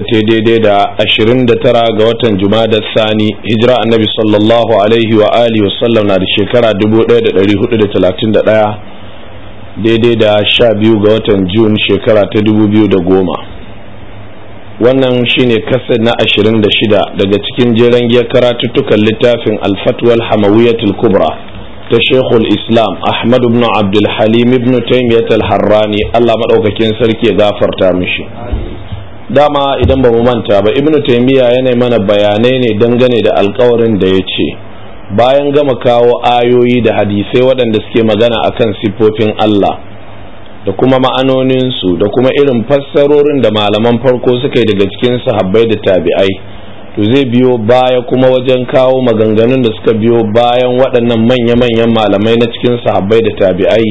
ta daidai da 29 ga watan Jumadar Sani hijira annabi sallallahu alaihi wa alihi wasallam na da shekara 1431 daidai da 12 ga watan Jun shekara ta 2010 wannan shine kasa na 26 daga cikin jeren giyar karatuttukan littafin alfatwal hamawiyatul kubra ta shekul islam ahmad ibn abdul halim ibn taimiyat al-harrani allah maɗaukakin sarki ya gafarta mishi dama idan ba mu manta ba ibnu taymiya yana mana bayanai ne dangane da alkawarin da ya ce bayan gama kawo ayoyi da hadisai waɗanda suke magana akan siffofin Allah da kuma ma'anoninsu da kuma irin fassarorin da malaman farko suka yi daga cikin sahabbai da tabi'ai to zai biyo baya kuma wajen kawo maganganun da suka biyo bayan waɗannan manya-manyan malamai na cikin sahabbai da tabi'ai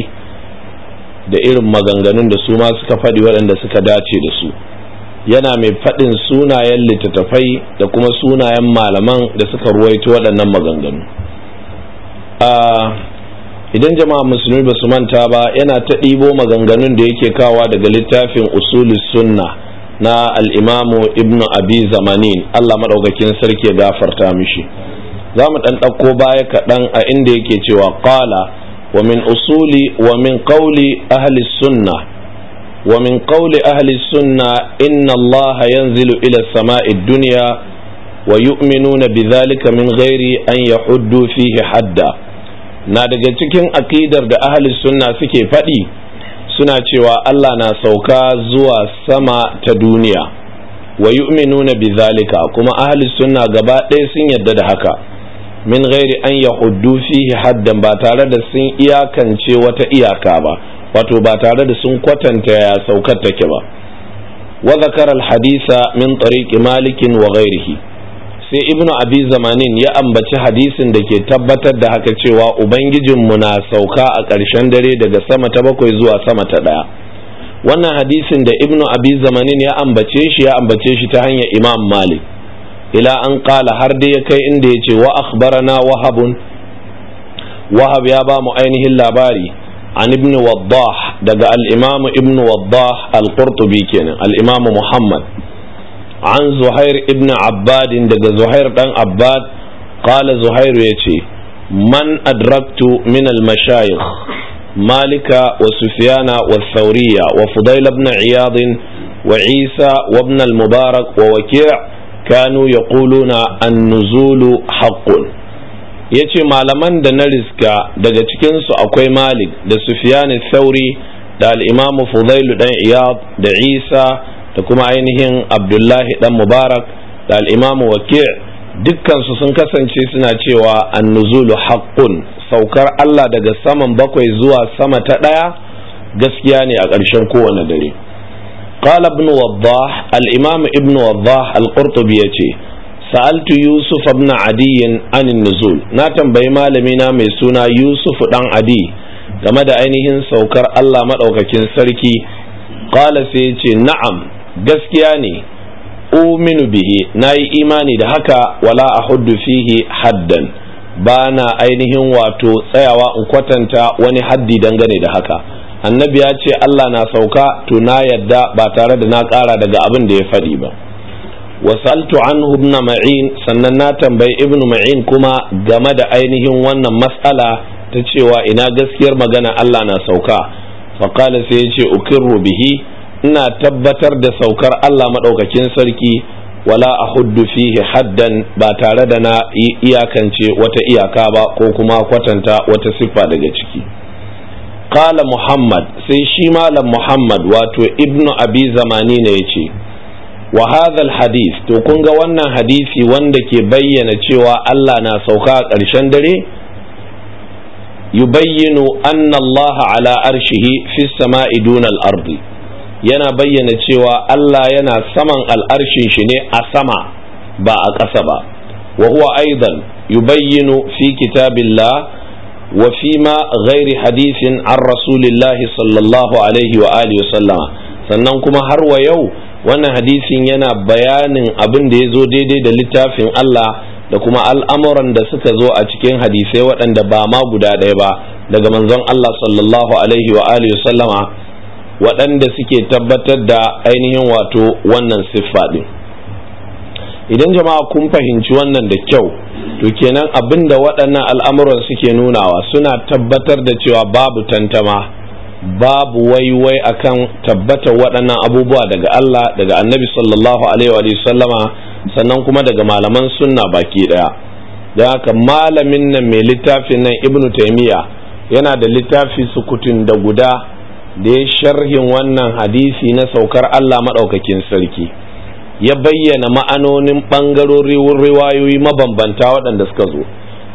da irin maganganun da su ma suka faɗi waɗanda suka dace da su yana mai faɗin sunayen littattafai da kuma sunayen malaman da suka ruwaito waɗannan maganganu idan jama'a musulmi ba su manta ba yana ta ɗibo maganganun da yake kawa daga littafin usuli sunna na al'imamu ibnu abi zamanin allah maɗaukakin sarki ya gafarta mishi za mu ɗan ɗauko baya kaɗan a inda yake cewa ƙala wa min usuli wa min ƙauli ahli sunna ومن قول أهل السنة إن الله ينزل إلى السماء الدنيا ويؤمنون بذلك من غير أن يحدوا فيه حدا na daga cikin aƙidar da ahli sunna suke faɗi suna cewa Allah na sauka zuwa sama ta duniya wa yu'minuna bi zalika kuma ahli sunna gaba ɗaya sun yarda da haka min ghairi an yahuddu fihi haddan ba tare da sun iyakance wata iyaka ba wato ba tare da sun kwatanta ya saukar take ba wa zakara al-hadisa min tariqi malik wa ghairihi sai ibnu abi zamanin ya ambaci hadisin da ke tabbatar da haka cewa ubangijinmu na sauka a ƙarshen dare daga sama ta bakwai zuwa sama ta ɗaya wannan hadisin da ibnu abi zamanin ya ambace shi ya ambace shi ta hanyar imam malik ila an qala har dai ya kai inda yace wa akhbarana wahabun wahab ya ba mu ainihin labari an ibn waddah daga al-imam ibn waddah al-qurtubi kenan al-imam muhammad an zuhair ibn abbad daga zuhair dan abbad qala zuhair yace man adraktu min al-mashayikh malika wa sufyana wa sauriya wa fudayl bna iyad wa isa wabnal mubarak wa waki' kanu yaquluna an-nuzulu haqqun yace malaman da na riska daga cikinsu akwai Malik da sufiyani sauri da al'imamu imam dan Iyad da Isa da kuma ainihin Abdullahi dan Mubarak da al'imamu wakil Waki' sun kasance suna cewa an-nuzulu haqqun saukar Allah daga saman bakwai zuwa sama ta ɗaya gaskiya ne a ƙarshen kowane dare قال ابن وضاح الإمام ابن وضاح القرطبي يتي سألت يوسف ابن عدي عن Na tambayi malamina mai suna يوسف ɗan عدي game da ainihin saukar Allah maɗaukakin sarki ƙala sai ce na'am gaskiya ne uminu bihi na yi imani da haka wala a huddu fihi haddan Bana ainihin wato tsayawa in kwatanta wani haddi dangane da haka annabi ya ce Allah na sauka to na yadda ba tare da na ƙara daga abin da ya faɗi ba wasaltu anhu ibn ma'in sannan na tambayi ibn ma'in kuma game da ainihin wannan matsala ta cewa ina gaskiyar magana Allah na sauka faqala sai ya ce ukirru bihi ina tabbatar da saukar Allah madaukakin sarki wala a ahuddu fihi haddan ba tare da na iyakance wata iyaka ba ko kuma kwatanta wata siffa daga ciki qala muhammad sai shi malam muhammad wato ibnu abi zamani ne yace wa hadis to kun ga wannan hadisi wanda ke bayyana cewa Allah na sauka a ƙarshen dare yubayyinu anna Allah ala arshihi fi sama'i dunal ardi yana bayyana cewa Allah yana saman al'arshin shi ne a sama ba a ƙasa ba wa huwa aidan yubayyinu fi kitabillah وفيما غير حديث عن رسول الله صلى الله عليه وآله وسلم sannan kuma har wa yau wannan hadisin yana bayanin abin da ya zo daidai da littafin Allah da kuma al'amuran da suka zo a cikin hadisai waɗanda ba ma guda ɗaya ba daga manzon Allah sallallahu alaihi wa alihi sallama waɗanda suke tabbatar da ainihin wato wannan siffa ɗin. idan jama'a kun fahimci wannan da kyau to kenan abin da waɗannan al'amuran suke nunawa suna tabbatar da cewa babu tantama babu waiwai akan tabbatar waɗannan abubuwa daga Allah daga annabi sallallahu alaihi wa sallama sannan kuma daga malaman sunna baki ɗaya Da haka malamin nan mai littafin nan ibnu taimiyya yana da littafi sukutun da guda da ya sharhin wannan hadisi na saukar Allah maɗaukakin sarki ya bayyana ma'anonin ɓangarorin riwayoyi mabambanta waɗanda suka zo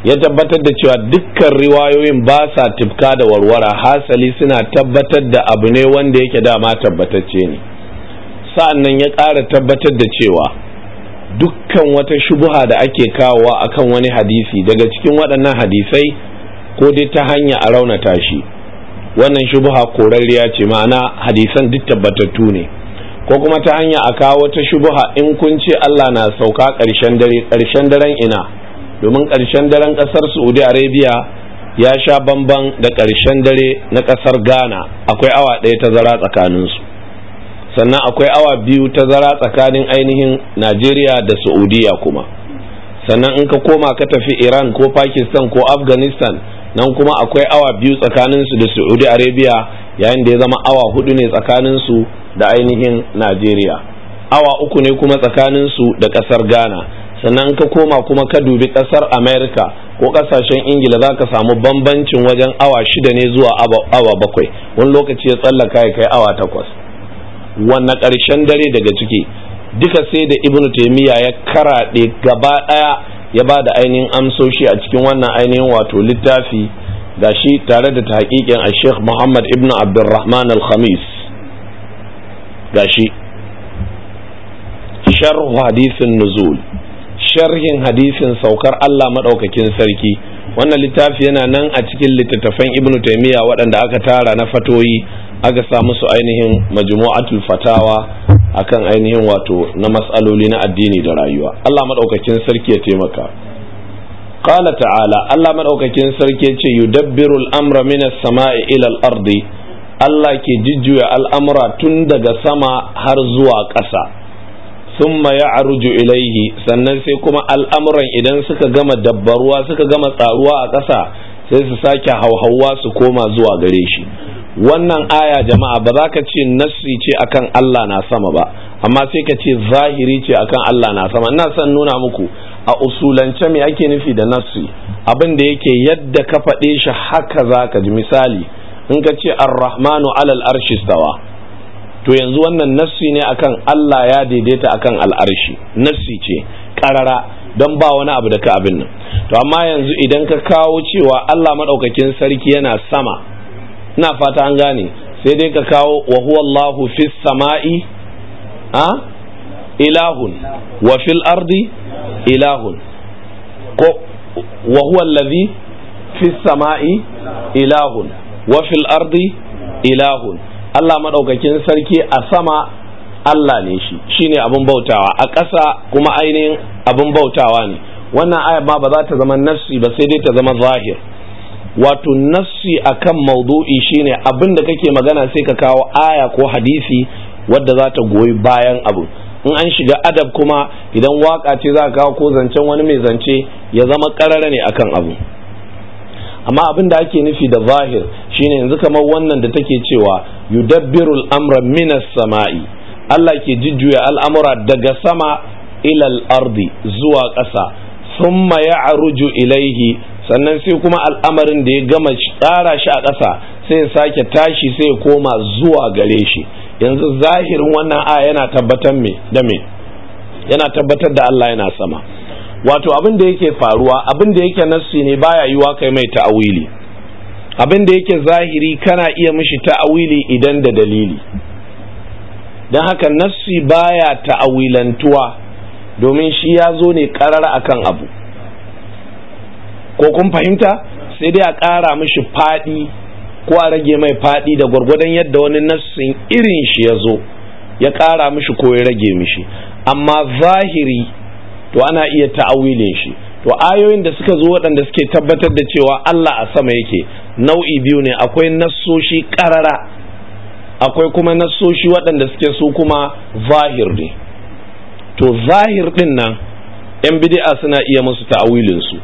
ya tabbatar da cewa dukkan riwayoyin ba sa tifka da warwara hasali suna tabbatar da abu ne wanda yake dama tabbatacce ne sa'annan ya ƙara tabbatar da cewa dukkan wata shubuha da ake kawowa akan wani hadisi daga cikin waɗannan hadisai ko dai ta hanya a raunata shi wannan shubuha korarriya ce ma'ana hadisan duk tabbatattu ne ko kuma ta hanya a kawo wata shubuha in kun ce Allah na sauka ƙarshen dare ƙarshen daren ina domin ƙarshen daren ƙasar Saudi Arabia ya sha bamban da ƙarshen dare na ƙasar Ghana akwai awa ɗaya ta tsakanin tsakaninsu sannan akwai awa biyu ta zara tsakanin ainihin Najeriya da Saudiya kuma sannan in ka koma ka tafi Iran ko Pakistan ko Afghanistan nan kuma akwai awa biyu tsakaninsu da saudi arabia yayin da ya zama awa hudu ne su da ainihin najeriya awa uku ne kuma tsakanin su da ƙasar ghana sannan ka koma kuma ka dubi ƙasar america ko ƙasashen ingila za ka samu bambancin wajen awa shida ne zuwa awa bakwai wani lokaci ya tsallaka ya kai awa takwas wanne ƙarshen dare daga ciki duka sai da ibnu taimiyya ya karaɗe gaba ɗaya ya ba da ainihin amsoshi a cikin wannan ainihin wato littafi gashi tare da tahqiqin a sheikh muhammad ibn abdulrahman al-khamis gashi sharh hadisin nuzul sharhin hadisin saukar Allah madaukakin sarki wannan littafi yana nan a cikin littattafan ibnu taimiyya waɗanda aka tara na fatoyi aka sa musu ainihin majmu'atul fatawa akan ainihin wato na matsaloli na addini da rayuwa Allah madaukakin sarki ya taimaka qala ta'ala Allah madaukakin sarki ya ce yudabbirul amra minas sama'i ila al-ardi Allah ke jijjuya al'amura tun daga sama har zuwa ƙasa summa ya aruju ilaihi sannan sai kuma al'amuran idan suka gama dabbaruwa suka gama tsaruwa a ƙasa sai su sake hauhawa su koma zuwa gare shi wannan aya jama'a ba za ka ce nasri ce akan Allah na sama ba amma sai ka ce zahiri ce akan Allah na sama ina son nuna muku a usulance me ake nufi da nasri abin da yake yadda ka faɗe shi haka za ka ji misali in ka ce ar-rahmanu alal arshi stawa to yanzu wannan nassi ne akan Allah ya daidaita akan al'arshi nassi ce karara don ba wani abu da ka abin nan to amma yanzu idan ka kawo cewa Allah madaukakin sarki yana sama ina fata an gane sai dai ka kawo wa huwa Allahu fis sama'i a ilahun wa fil ardi ilahun ko wa huwa allazi fis sama'i ilahun wa fil ardi ilahun Allah madaukakin sarki a sama Allah ne shi shine abin bautawa a ƙasa kuma ainihin abin bautawa ne wannan aya ma ba za ta zama nassi ba sai dai ta zama zahir wato nassi akan maudu'i shine abin da kake magana sai ka kawo aya ko hadisi wadda za ta goyi bayan abu in an shiga adab kuma idan waka ce za ka kawo ko zancen wani mai zance ya zama karara ne akan abu amma abin da ake nufi da zahir shine yanzu kamar wannan da take cewa yudabbirul amra minas sama'i Allah ke jujjuya al'amura daga sama ilal ardi zuwa ƙasa summa ya'ruju ilaihi sannan sai kuma al'amarin da ya gama tsara shi a ƙasa sai ya sake tashi sai ya koma zuwa gare shi yanzu zahirin wannan a yana tabbatar me da me yana tabbatar da Allah yana sama wato abin da yake faruwa abin da yake nassi ne baya yiwa kai mai ta'awili abin da yake zahiri kana iya mishi ta'awili idan da dalili don haka nassi baya ta'awilantuwa domin shi ya zo ne karar akan abu ko kun fahimta sai dai a ƙara mishi faɗi ko a rage mai faɗi da gwargwadon yadda wani nassin irin shi ya zo ya ƙara mishi ko ya rage mishi amma zahiri to ana iya ta'awilin shi to ayoyin da suka zo waɗanda suke tabbatar da cewa Allah a sama yake nau'i biyu ne akwai nasoshi ƙarara akwai kuma nassoshi waɗanda suke su kuma zahir ne to zahir ɗin nan 'yan bid'a suna iya musu ta'awilin su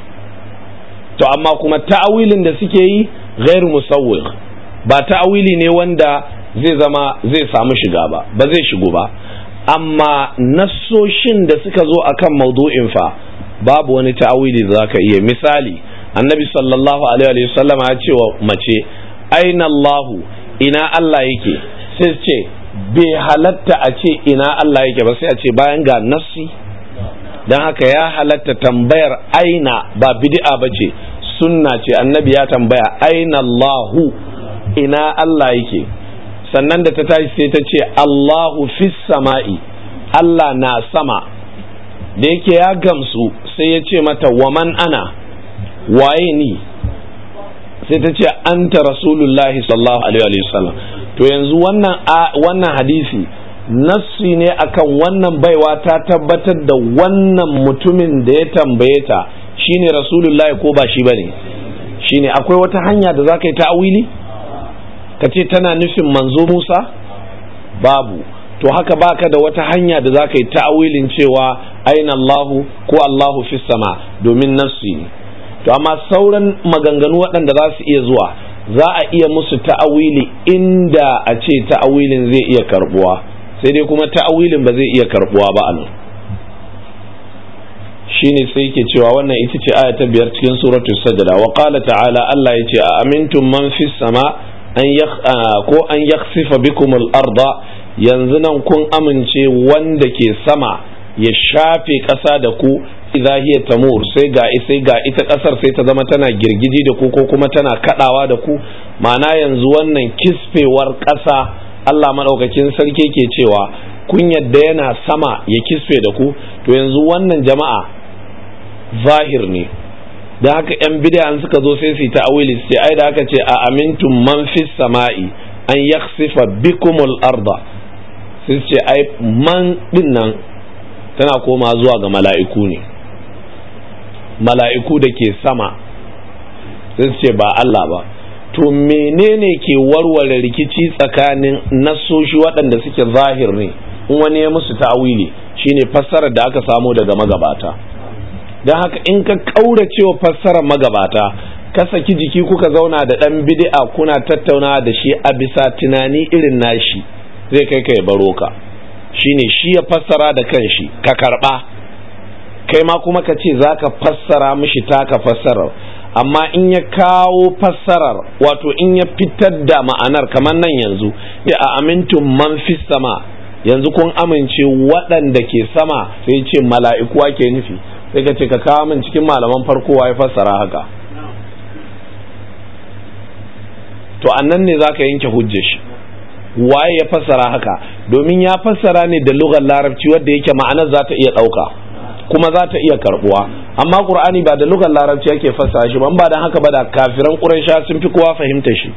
to amma kuma ta'awilin da suke yi ghairu musawwir ba ta'awili ne wanda zai zama zai samu shiga ba ba zai shigo ba amma nassoshin da suka zo a kan maudu'in fa babu wani ta'awili da ka iya misali annabi sallallahu alaihi wasallama ya ce wa mace aina Allahu ina Allah yake sai ce bai halatta a ce ina Allah yake ba sai a ce bayan ga nassi don haka ya halatta tambayar aina ba bid'a ba ce sunna ce annabi ya tambaya aina Allahu ina Allah yake sannan da ta tashi sai ta ce Allahu fis sama'i Allah na sama da yake ya gamsu sai ya ce mata waman ana waye ni sai ta ce anta rasulullahi sallallahu alaihi wasallam to yanzu wannan wannan hadisi nassi ne akan wannan baiwa ta tabbatar da wannan mutumin da ya tambaye ta shine rasulullahi ko ba shi bane shine akwai wata hanya da za ka yi ta'awili ka ce tana nufin manzo Musa babu to haka baka da wata hanya da za ka yi ta'awilin cewa aina Allahu ko Allahu fi sama domin nafsi ne to amma sauran maganganu waɗanda za su iya zuwa za a iya musu ta'awili inda a ce ta'awilin zai iya karbuwa sai dai kuma ta'awilin ba zai iya karbuwa ba a nan ne sai ke cewa wannan ita ce aya ta biyar cikin suratul sajada wa qala ta'ala Allah yace a amintum man fis sama' Ah, ko an yaksifa bikum al-arda yanzu nan kun amince wanda ke sama ya shafe ƙasa da ku idza hiya tamur sai ga sai ga ita ƙasar sai ta zama tana girgiji da ku ko kuma tana kadawa da ku mana yanzu wannan kisfewar ƙasa Allah madaukakin sarki ke cewa kun yadda yana sama ya kisfe da ku to yanzu wannan jama'a zahir ne da haka yan bid'an suka zo sai su yi ta'awili su ai da haka ce a amintum man fi sama'i an yakhsifa bikumul arda sai su ce ai man din nan tana koma zuwa ga mala'iku ne mala'iku da ke sama sai ce ba Allah ba to menene ke warware rikici tsakanin nasoshi waɗanda suke zahir in wani ya musu ta'awili shine fassarar da aka samo daga magabata don haka in ka cewa fassara magabata ka saki jiki kuka zauna da ɗan bidi'a kuna tattaunawa da shi a bisa tunani irin nashi zai kai ka ya baro ka shine shi ya fassara da kanshi ka karba kai ma kuma ka ce za ka fassara mishi taka fassarar amma in ya kawo fassarar wato in ya fitar da ma'anar kamar nan yanzu ya a amintun man fi sama yanzu kun amince waɗanda ke sama sai ce mala'ikuwa ke nufi sai ka ce ka kawo min cikin malaman farko ya fassara haka to annan ne zaka yanke hujjar shi waye ya fassara haka domin ya fassara ne da lugar larabci wadda yake ma'anar za ta iya ɗauka kuma za ta iya karbuwa amma qur'ani ba da lugar larabci yake fassara shi ban ba dan haka ba da kafiran quraisha sun fi kowa fahimta shi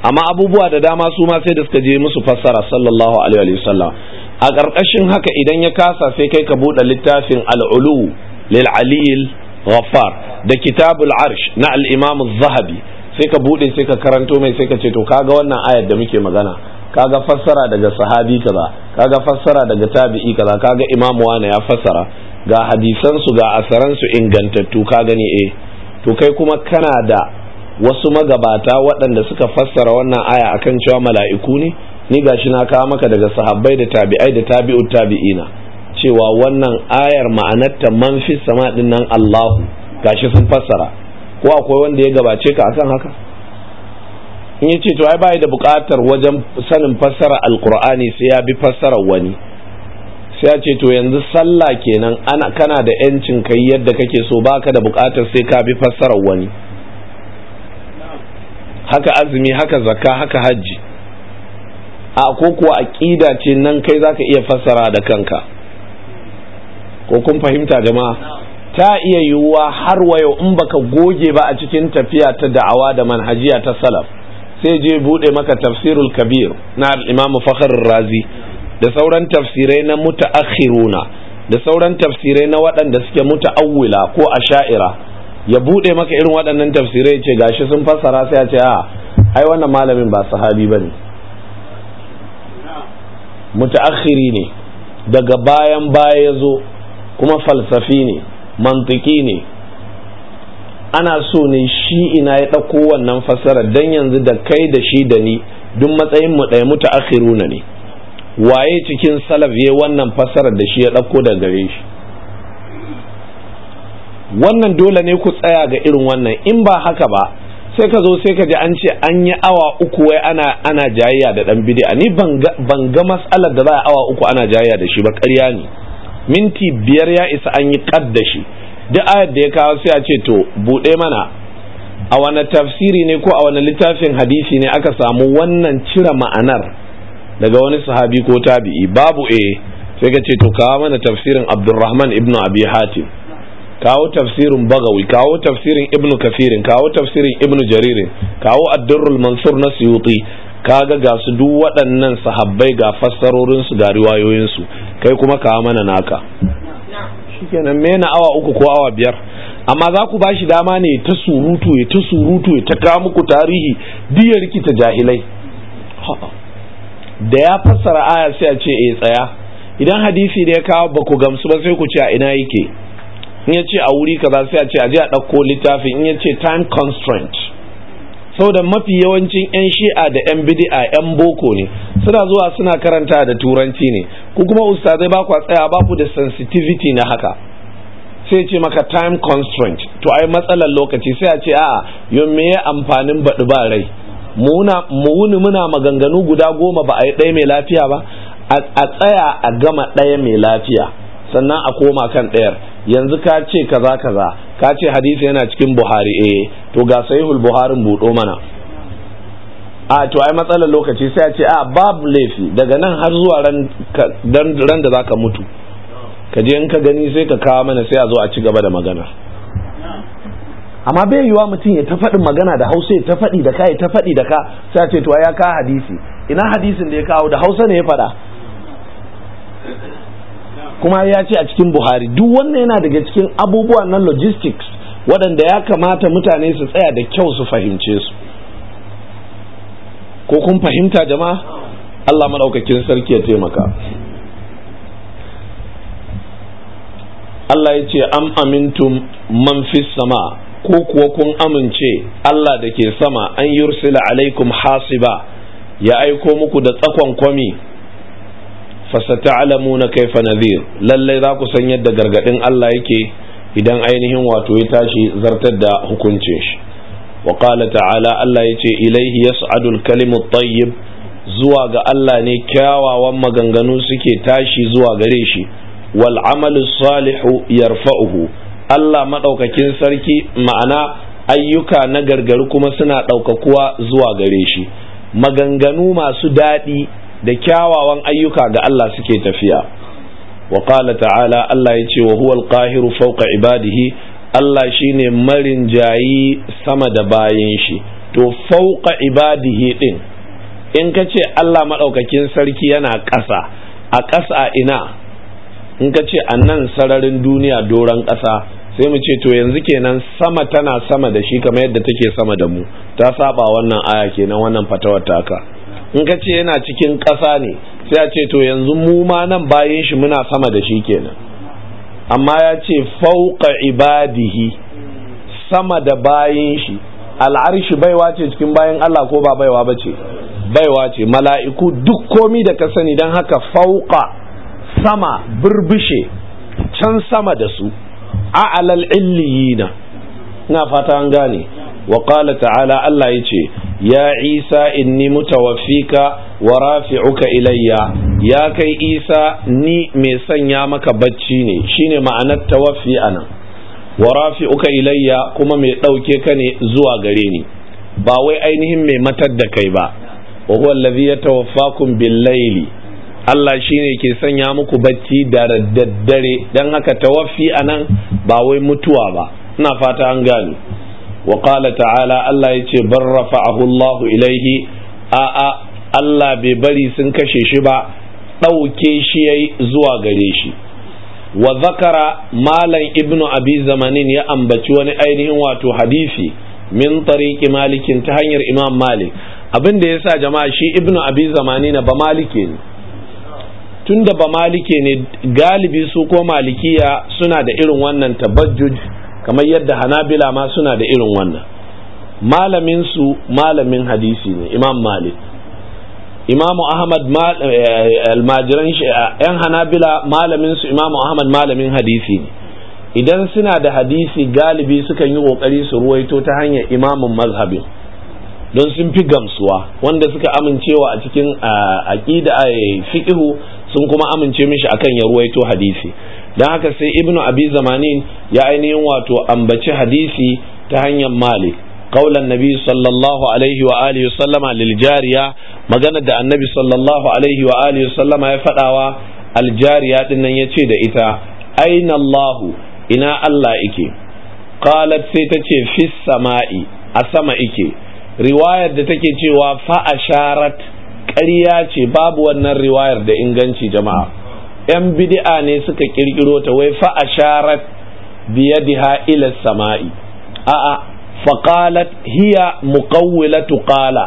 amma abubuwa da dama su ma sai da suka je musu fassara sallallahu alaihi wasallam a ƙarƙashin haka idan ya kasa sai kai ka buɗe littafin al'ulu lil alil ghaffar da kitabul arsh na al-imam zahabi sai ka bude sai ka karanto mai sai ka ce to kaga wannan ayar da muke magana kaga fassara daga sahabi kaza kaga fassara daga tabi'i kaza kaga imamu wane ya fassara ga hadisan su ga asaran su ingantattu ka gani eh to kai kuma kana da wasu magabata waɗanda suka fassara wannan aya akan cewa mala'iku ne ni gashi na kawo maka daga sahabbai da tabi'ai da tabi'ut tabi'ina cewa wannan ayar ma'anarta man fi sama din nan Allahu gashi sun fassara ko akwai wanda ya gabace ka akan haka in yace to ai bai da buƙatar wajen sanin fassara alqur'ani sai ya bi fassarar wani sai ya ce to yanzu sallah kenan ana kana da yancin kai yadda kake so baka da buƙatar sai ka bi fassarar wani haka azumi haka zakka haka hajji a ko kuwa aƙida ce nan kai zaka iya fassara da kanka ko kun fahimta jama'a ta iya yiwuwa har wayo in baka goge ba a cikin tafiya ta da'awa da manhajiya ta salaf sai je bude maka tafsirul kabir na imam fakhr razi da sauran tafsirai na mutaakhiruna da sauran tafsirai na waɗanda suke muta'awwila ko asha'ira ya bude maka irin waɗannan tafsirai ce gashi sun fassara sai ya ce a ah, ai wannan malamin ba sahabi bane mutaakhiri ne daga bayan baya ya zo kuma falsafi ne mantiki ne ana so ne shi ina ya ɗauko wannan fasara don yanzu da kai da shi da ni duk matsayin mu ɗaya muta akhiruna ne waye cikin salaf ya wannan fasarar da shi ya ɗauko da gare shi wannan dole ne ku tsaya ga irin wannan in ba haka ba sai ka zo sai ka ji an ce an yi awa uku wai ana ana jayayya da dan bidi'a. ni ban ga mas'alar da za a awa uku ana jayayya da shi ba ƙarya ne minti biyar ya isa an yi kaddashi shi duk ayar da ya kawo sai a ce to buɗe mana a wani tafsiri ne ko a wani littafin hadisi ne aka samu wannan cire ma'anar daga wani sahabi ko tabi'i babu e sai ka ce to kawo mana tafsirin abdurrahman ibn abi hatim kawo tafsirin bagawi kawo tafsirin ibn kafirin kawo tafsirin ibn jaririn kawo addurul mansur na suyuti kaga ga su duk waɗannan sahabbai ga fassarorinsu ga riwayoyinsu kai kuma kawo mana naka shikenan mena awa uku ko awa biyar amma za ku bashi dama ne ta surutu ya ta surutu ya ta kawo muku tarihi diyar ki rikita jahilai da ya fassara aya sai a ce eh tsaya idan hadisi da ya kawo ba ku gamsu ba sai ku ce a ina yake in ya ce a wuri kaza sai a ce a je a ɗauko littafin in ya ce time constraint saboda mafi yawancin 'yan shi'a da 'yan bidi'a 'yan boko ne suna zuwa suna karanta da turanci ne ku kuma ustazai ba kwa tsaya ba ku da sensitivity na haka sai ce maka time constraint to ai matsalar lokaci sai a ce a'a yau me ya amfanin baɗi ba rai mu wuni muna maganganu guda goma ba a yi ɗaya mai lafiya ba a tsaya a gama ɗaya mai lafiya sannan a koma kan ɗayar yanzu ka ce kaza kaza ka ce hadisi yana cikin buhari eh to ga sahihul buharin buɗo mana a to ai matsalar lokaci sai a ce a babu laifi daga nan har zuwa ran da zaka mutu ka je in ka gani sai ka kawo mana sai a zo a ci gaba da magana amma bai yiwa mutum ya ta faɗi magana da hausa ya ta faɗi da ka ya ta faɗi da ka sai a ce to ya ka hadisi ina hadisin da ya kawo da hausa ne ya faɗa kuma ya ce a cikin buhari duk wannan yana daga cikin abubuwa na logistics waɗanda ya kamata mutane su tsaya da kyau su fahimce su ko kun fahimta jama'a allah maɗaukakin sarki ya taimaka allah ya ce am amintum man fis sama ko kuwa kun amince allah da ke sama an yi yursila alaikum hasiba ya aiko muku da tsakon kwami fasata'lamuna kaifa nadhir lalle za ku san yadda gargadin Allah yake idan ainihin wato ya tashi zartar da hukuncin shi wa qala ta'ala Allah yace ilaihi yas'adu al-kalimu tayyib zuwa ga Allah ne kyawawan maganganu suke tashi zuwa gare shi wal amalu salihu yarfa'uhu Allah madaukakin sarki ma'ana ayyuka na gargari kuma suna ɗaukakuwa zuwa gare shi maganganu masu daɗi da kyawawan ayyuka ga Allah suke tafiya wa qala ta'ala Allah ya ce wa huwal qahiru fawqa ibadihi Allah shine marin jayi sama da bayan shi to fawqa ibadihi din in ka ce Allah madaukakin sarki yana ƙasa a ƙasa ina in ka ce a nan sararin duniya doron ƙasa sai mu ce to yanzu kenan sama tana sama da shi kamar yadda take sama da mu ta saba wannan aya kenan wannan fatawar taka in ka ce yana cikin ƙasa ne sai a ce to yanzu mu ma nan bayan shi muna sama da shi kenan amma ya ce fauka ibadihi sama da bayan shi al'arshi baiwa ce cikin bayan Allah ko ba baiwa ba ce baiwa ce mala'iku duk komi da ka sani don haka fauka sama birbishe can sama da su a'alal illiyina ina fata an gane wa qala ta'ala Allah yace ya Isa inni mutawaffika wa rafi'uka ilayya ya kai Isa ni mai sanya maka bacci ne shine ma'anar tawaffi anan wa rafi'uka ilayya kuma mai dauke ka ne zuwa gare ni ba wai ainihin mai matar da kai ba wa huwa allazi yatawaffakum bil layli Allah shine ke sanya muku bacci da daddare dan haka tawaffi anan ba wai mutuwa ba ina fata an gane wa qala ta'ala Allah ya ce bar rafa'ahu ilaihi a'a Allah bai bari sun kashe shi ba ɗauke shi yayi zuwa gare shi wa zakara malam ibnu abi zamanin ya ambaci wani ainihin wato hadisi min tariqi malikin ta hanyar imam malik abin da yasa jama'a shi ibnu abi zamanina ba malike ne tunda ba malike ne galibi su ko malikiya suna da irin wannan tabajjuj kamar yadda hanabila ma suna da irin wannan malamin su malamin hadisi ne imam malik imamu ahmad eh, almajiran eh, yan hanabila malamin su imamu ahmad malamin hadisi ne idan suna da hadisi galibi sukan yi kokari su ruwaito ta hanyar imamin mazhabin don sun fi gamsuwa wanda suka amincewa a cikin eh, aqida fiqhu sun kuma amince mishi akan ya ruwaito hadisi don haka sai ibnu abi zamanin ya ainihin wato ambaci hadisi ta hanyar malik kaulan nabi sallallahu alaihi wa alihi sallama lil jariya magana da annabi sallallahu alaihi wa alihi sallama ya fadawa al jariya din nan yace da ita aina allah ina allah yake qalat sai tace fi sama'i a sama ike riwayar da take cewa fa asharat ƙarya ce babu wannan riwayar da inganci jama'a 'yan bid'a ne suka kirkiro ta wai fa asharat biyadiha ila sama'i a'a faqalat hiya muqawwilatu qala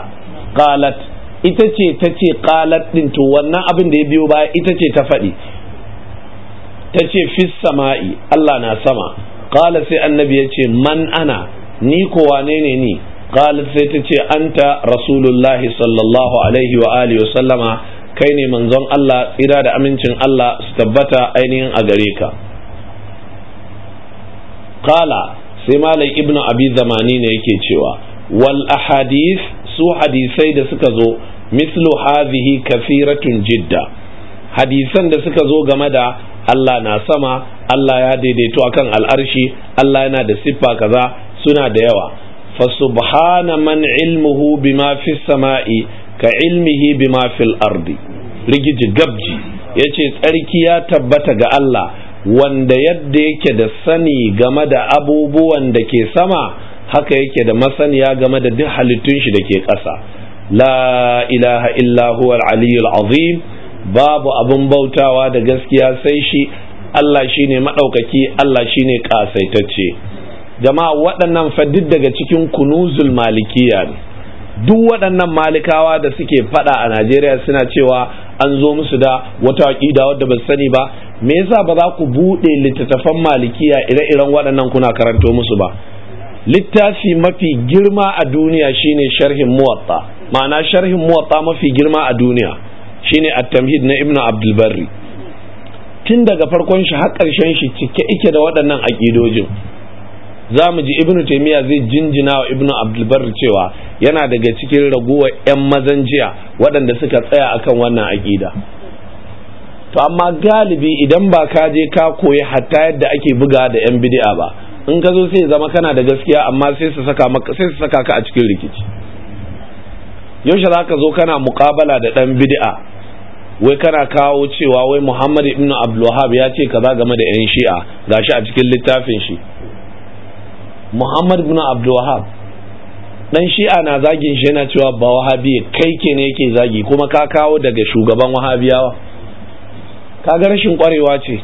qalat ita ce ta ce qalat din to wannan abin da ya biyo ba ita ce ta faɗi ta ce fis sama'i Allah na sama qala sai annabi ya ce man ana ni ko wane ne ni qalat sai ta ce anta rasulullahi sallallahu alaihi wa alihi wa sallama kai ne manzon Allah tsira da amincin Allah su tabbata ainihin a gare ka qala sai malam ibnu abi zamani ne yake cewa wal ahadith su hadisai da suka zo mislu hadhihi kafiratun jidda hadisan da suka zo game da Allah na sama Allah ya daidaito akan al'arshi Allah yana da siffa kaza suna da yawa fa subhana man ilmuhu bima fis sama'i ka ilmihi ma fil ardi rigiji gabji yace tsarki ya tabbata ga Allah wanda yadda yake da sani game da abubuwan da ke sama haka yake da masaniya game da duk halittun shi da ke ƙasa la ilaha illa huwa al-aliyyul azim babu abun bautawa da gaskiya sai shi Allah shine madaukaki Allah shine kasaitacce jama'a waɗannan fa daga cikin kunuzul malikiya ne duk waɗannan malikawa da suke faɗa a najeriya suna cewa an zo musu da wata aƙida wadda ba sani ba me yasa ba za ku buɗe littattafan malikiya ire-iren waɗannan kuna karanto musu ba littafi mafi girma a duniya shine sharhin muwatta ma'ana sharhin muwatta mafi girma a duniya shine at-tamhid na ibnu abdul barri tun daga farkon shi har ƙarshen shi cike ike da waɗannan aƙidojin za mu ji ibnu taimiyya zai jinjina wa ibnu abdulbar cewa yana daga cikin raguwar 'yan mazan jiya waɗanda suka tsaya akan wannan aƙida to amma galibi idan ba ka je ka koyi hatta yadda ake buga da 'yan bidi'a ba in ka zo sai zama kana da gaskiya amma sai su saka ka a cikin rikici yaushe za ka zo kana muƙabala da ɗan bidi'a wai kana kawo cewa wai muhammad ibnu abdulwahab ya ce kaza game da 'yan shi'a gashi a cikin littafin shi muhammad ibn abdulwahab dan shi'a na zagin shi yana cewa ba wahabi kai ke ne yake zagi kuma ka kawo daga shugaban wahabiyawa kaga rashin kwarewa ce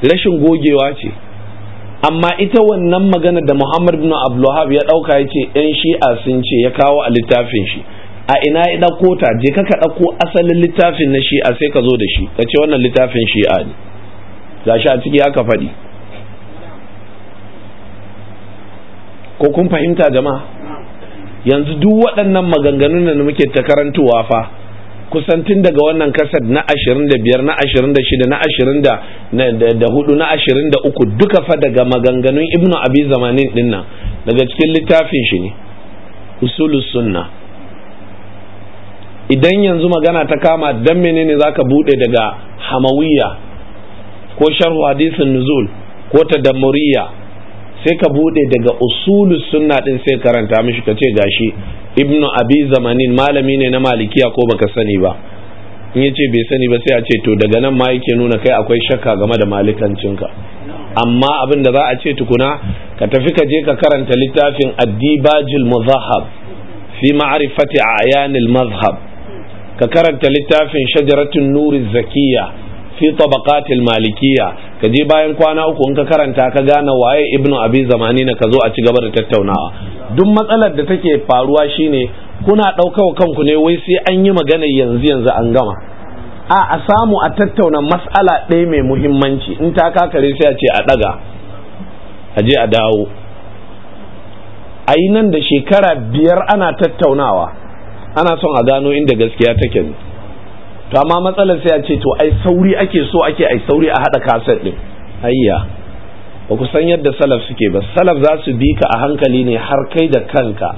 rashin gogewa ce amma ita wannan magana da muhammad bin abdulwahab ya dauka ya ce yan shi'a sun ce ya kawo a littafin shi a ina ya ɗauko ta je ka ɗauko asalin littafin na shi'a sai ka zo da shi ka ce wannan littafin shi'a ne gashi a ciki aka faɗi ko kun fahimta jama'a yanzu duk waɗannan maganganun da muke ta karantowa fa tun daga wannan kasar na 25 na 26 na 24 na 23 duka fa daga maganganun ibnu abi zamanin din nan daga cikin littafin shi ne usulus sunna idan yanzu magana ta kama dan menene zaka bude daga hamawiyya ko sharh hadisin nuzul ko tadammuriya sai ka bude daga usulus sunna din sai karanta mishi ka ce gashi ibnu abi zamanin malami ne na malikiya ko baka sani ba in yace bai sani ba sai a ce to daga nan ma yake nuna kai akwai shakka game da malikancinka amma abin da za a ce tukuna ka tafi ka je ka karanta littafin addibajil muzahab fi ma'rifati ayanil mazhab ka karanta littafin shajaratun nuri zakiya fi tabaqatil malikiya ka je bayan kwana uku in ka karanta ka gane waye ibnu abi zamani na ka zo a ci gaba da tattaunawa duk matsalar da take faruwa shine kuna ɗaukawa kanku ne wai sai an yi magana yanzu yanzu an gama a a samu a tattauna mas'ala ɗaya mai muhimmanci in ta kakare sai a ce a daga a je a dawo a yi nan da shekara biyar ana tattaunawa ana son a gano inda gaskiya take ne to amma matsalar sai a ce to ai sauri ake so ake ai sauri a haɗa kaset ɗin. ayya ba ku san yadda salaf suke ba salaf za su bi ka a hankali ne har kai da kanka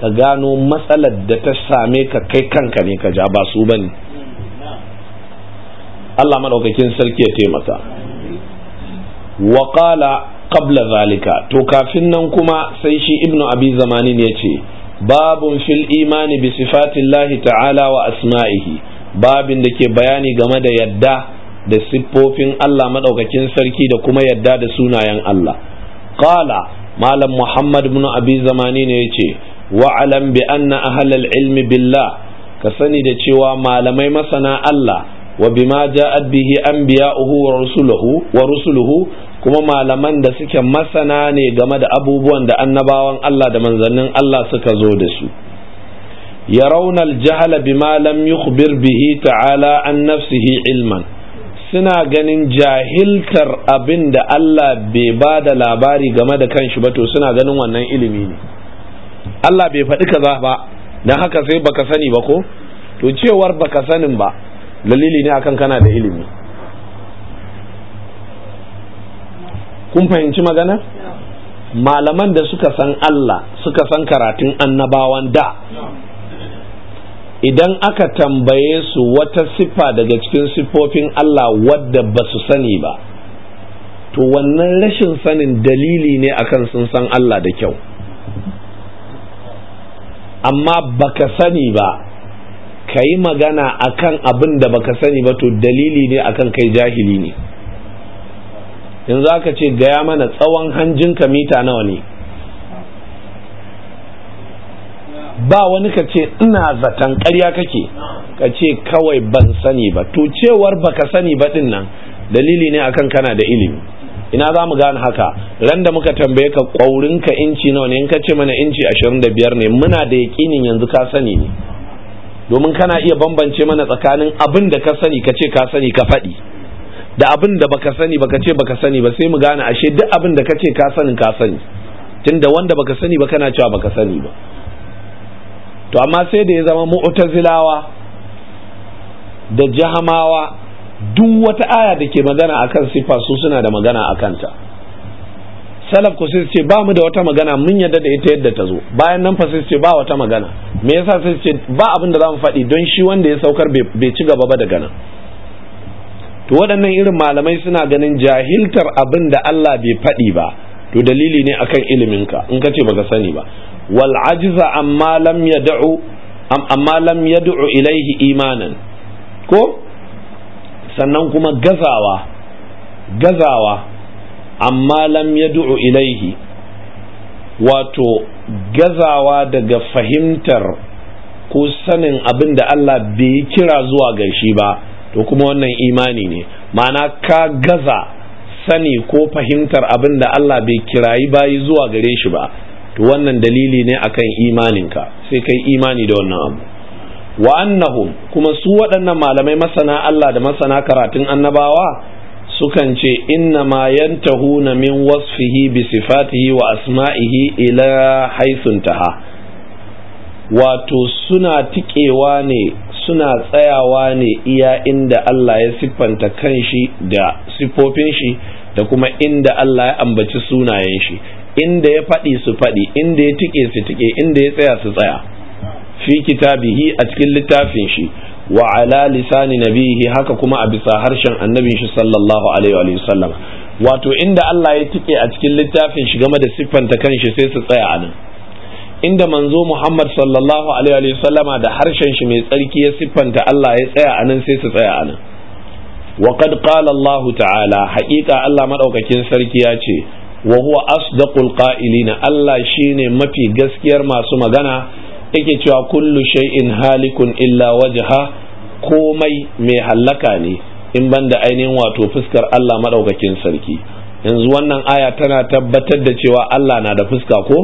ka gano matsalar da ta same ka kai kanka ne ka ja ba su ba bane Allah madaukakin sarki ya taimaka wa qabla zalika to kafin nan kuma sai shi ibnu abi zamani ne ya ce babun fil imani bi sifatillahi ta'ala wa asma'ihi babin da ke bayani game da yadda da siffofin Allah madaukakin sarki da kuma yadda da sunayen Allah qala malam muhammad ibn abi zamani ne yace alam bi anna ahlal ilmi billah ka sani da cewa malamai masana Allah wa bima ja'at bihi anbiya'uhu wa rusuluhu wa rusuluhu kuma malaman da suke masana ne game da abubuwan da annabawan Allah da manzannin Allah suka zo da su يرون الجهل بما لم يخبر به تعالى عن نفسه علما suna ganin jahiltar abin da Allah bai ba da labari game da kanshi ba to suna ganin wannan ilimi ne Allah bai faɗi kaza ba dan haka sai baka sani ba ko to cewar baka sanin ba dalili ne akan kana da ilimi kun fahimci magana malaman da suka san Allah suka san karatun annabawan da idan aka tambaye su wata siffa daga cikin siffofin Allah wadda ba su sani ba to wannan rashin sanin dalili ne akan sun san Allah da kyau amma baka sani ba ka yi magana akan abin da baka sani ba to dalili ne akan kai jahili ne yanzu za ce gaya mana tsawon hanjinka mita nawa ne ba wani ka ce ina zaton ƙarya kake ka ce kawai ban sani ba to cewar baka sani ba din nan dalili ne akan kana da ilimi ina za mu gane haka ran da muka tambaye ka ƙwaurin ka inci nawa ne in ka ce mana inci 25 ne muna da yaƙinin yanzu ka sani ne domin kana iya bambance mana tsakanin abin da ka sani ka ce ka sani ka faɗi da abin da baka sani baka ce baka sani ba sai mu gane ashe duk abin da ka ce ka sani ka sani tunda wanda baka sani ba kana cewa baka sani ba to amma sai da ya zama mu'tazilawa da jahamawa duk wata aya da ke magana akan sifa su suna da magana a kanta salaf ku sai ce ba mu da wata magana mun yadda da ita yadda ta zo bayan nan fa sai ce ba wata magana me yasa sai ce ba abin da za mu faɗi don shi wanda ya saukar bai ci gaba ba daga nan to waɗannan irin malamai suna ganin jahiltar abin da Allah bai faɗi ba to dalili ne akan iliminka in ka ce baka sani ba والعجز ajza amma lam yad'u amma ilaihi imanan ko sannan kuma gazawa gazawa amma lam yad'u ilaihi wato gazawa daga fahimtar ko sanin abin da Allah bai kira zuwa ga shi ba to kuma wannan imani ne ma'ana ka gaza sani ko fahimtar abin da Allah bai kirayi bayi zuwa gare shi ba to wannan dalili ne akan imaninka sai kai imani da wannan abu wa annahum kuma su waɗannan malamai masana Allah da masana karatun annabawa sukan ce inna ma yantahuna min wasfihi bi sifatihi wa asma'ihi ila taha wato suna tikewa ne suna tsayawa ne iya inda Allah ya siffanta kanshi da siffofin shi da kuma inda Allah ya ambaci sunayen shi inda ya faɗi su faɗi inda ya tike su tike inda ya tsaya su tsaya fi kitabihi a cikin littafin shi wa ala lisani nabihi haka kuma a bisa harshen annabin shi sallallahu alaihi wa sallam wato inda Allah ya tike a cikin littafin shi game da siffanta kanshi sai su tsaya a nan inda manzo Muhammad sallallahu alaihi wa sallama da harshen shi mai tsarki ya siffanta Allah ya tsaya a nan sai su tsaya a nan wa qad qala Allah ta'ala haƙiƙa Allah madaukakin sarki ya ce wa huwa asdaqul qa'ilin Allah shine mafi gaskiyar masu magana yake cewa kullu shay'in halikun illa wajha komai mai hallaka ne in banda ainihin wato fuskar Allah madaukakin sarki yanzu wannan aya tana tabbatar da cewa Allah na da fuska ko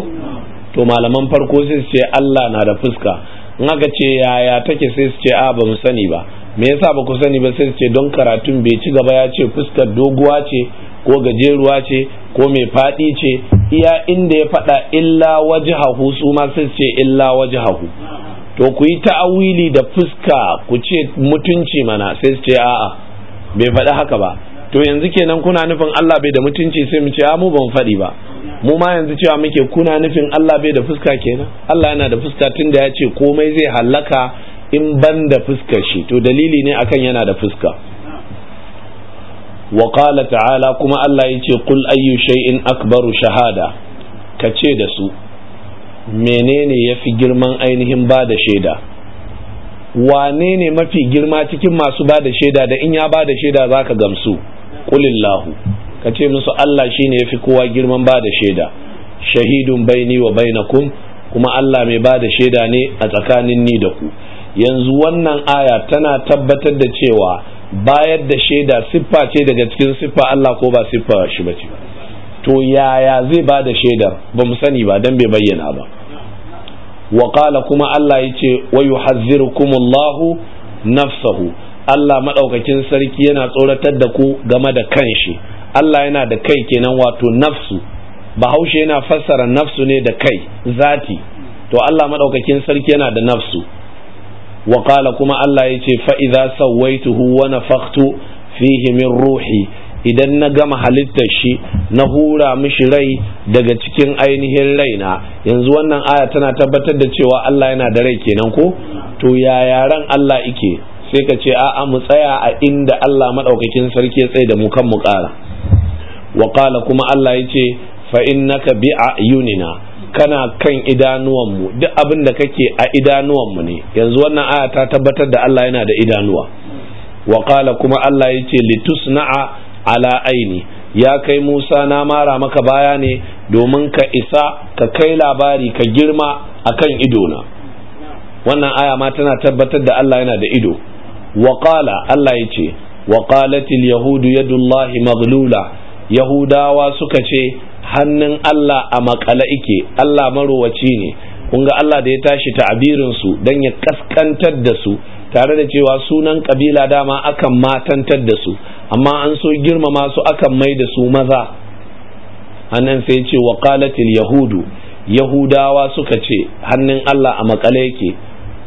to malaman farko sai su ce Allah na da fuska in aka ce yaya take sai su ce a ba mu sani ba me yasa ba ku sani ba sai su ce don karatun bai ci gaba ya ce fuskar doguwa ce ko gajeruwa ce ko mai faɗi ce iya inda ya faɗa illa wajhahu su ma sai ce illa wajhahu to ku yi ta'awili da fuska ku ce mutunci mana sai su ce a'a bai faɗi haka ba to yanzu kenan kuna nufin Allah bai da mutunci sai mu ce a mu ban faɗi ba mu ma yanzu cewa muke kuna nufin Allah bai da fuska kenan Allah yana da fuska tunda ya ce komai zai hallaka in ban da fuskar shi to dalili ne akan yana da fuska wa qala ta'ala kuma Allah yace ce qul ayyu shay'in akbaru shahada ka ce da su menene yafi girman ainihin ba shaida wane mafi girma cikin masu ba da shaida da in ya ba da shaida zaka gamsu qulillahu ka ce musu Allah shine yafi kowa girman ba da shaida shahidun baini wa bainakum kuma Allah mai ba da shaida ne a tsakanin ni da ku yanzu wannan aya tana tabbatar da cewa bayar da shaida siffa ce daga cikin siffa Allah ko ba siffa shi ce? to yaya zai ba da shaidar ba mu sani ba dan bai bayyana ba wa qala kuma Allah yace wa Allahu nafsahu Allah madaukakin sarki yana tsoratar da ku game da kanshi Allah yana da kai kenan wato nafsu bahaushe yana fassara nafsu ne da kai zati to Allah madaukakin sarki yana da nafsu wa qala kuma Allah yace ce fa idza sawaituhu wa fihi min ruhi idan na gama halittar shi na hura mishi rai daga cikin ainihin raina yanzu wannan aya tana tabbatar da cewa Allah yana da rai kenan ko to ya yaran Allah ike sai ka ce a'a mu tsaya a inda Allah madaukakin sarki ya tsaye da mu kan mu ƙara wa kuma Allah yace ce fa innaka bi yunina. kana kan idanuwan mu duk abin da kake a idanuwan mu ne yanzu wannan aya ta tabbatar da Allah yana da idanuwa wa kuma Allah ya ce litusna'a ala aini ya kai Musa na mara maka baya ne domin ka isa ka kai labari ka girma a akan idona wannan aya ma tana tabbatar da Allah yana da ido wa Allah ya ce wa yahudu yadullahi maglula yahudawa suka ce hannun Allah a makala ike Allah marowaci ne kun ga Allah da ya tashi ta'abirinsu su dan ya kaskantar da su tare da cewa sunan kabila dama akan matantar da su amma an so girmama su akan mai da su maza Hannun sai ce wa qalatil yahudu yahudawa suka ce hannun Allah a makala yake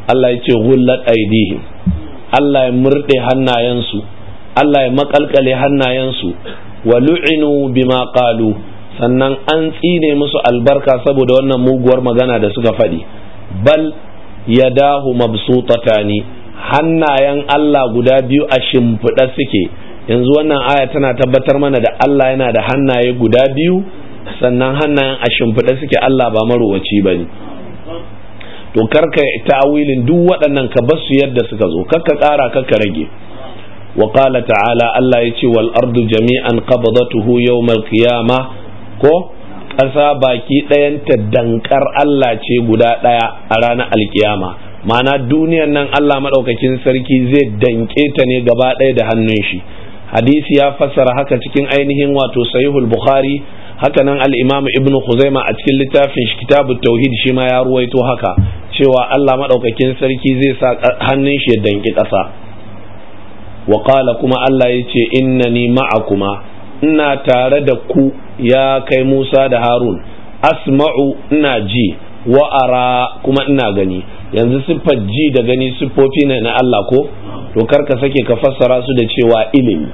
Allah ya ce ghullat aidihim Allah ya murde hannayensu Allah ya makalkale hannayensu wa lu'inu bima qalu sannan an tsine musu albarka saboda wannan muguwar magana da suka faɗi bal ya dahu mabsutatani hannayen Allah guda biyu a shimfiɗa suke yanzu wannan aya tana tabbatar mana da Allah yana da hannaye guda biyu sannan hannayen a shimfiɗa suke Allah ba marowaci ba ne to karka ta'awilin duk waɗannan ka su yadda suka zo karka ƙara karka rage wa qala ta'ala Allah yace wal ardu jami'an qabdatuhu yawmal qiyamah ko ƙasa baki ɗayanta dankar Allah ce guda ɗaya a ranar alkiyama ma'ana duniyan nan Allah maɗaukakin sarki zai danke ta ne gaba ɗaya da hannun shi hadisi ya fassara haka cikin ainihin wato sahihul bukhari haka nan al'imamu ibnu khuzaima a cikin littafin shi kitabu tauhid shi ma ya ruwaito haka cewa Allah maɗaukakin sarki zai sa hannun shi ya danki ƙasa wa kuma Allah ya ce innani kuma? ina tare da ku ya kai Musa da Harun asma'u ina ji wa'ara kuma ina gani yanzu siffar ji da gani siffofi ne na Allah ko to karka sake ka fassara su da cewa ilimi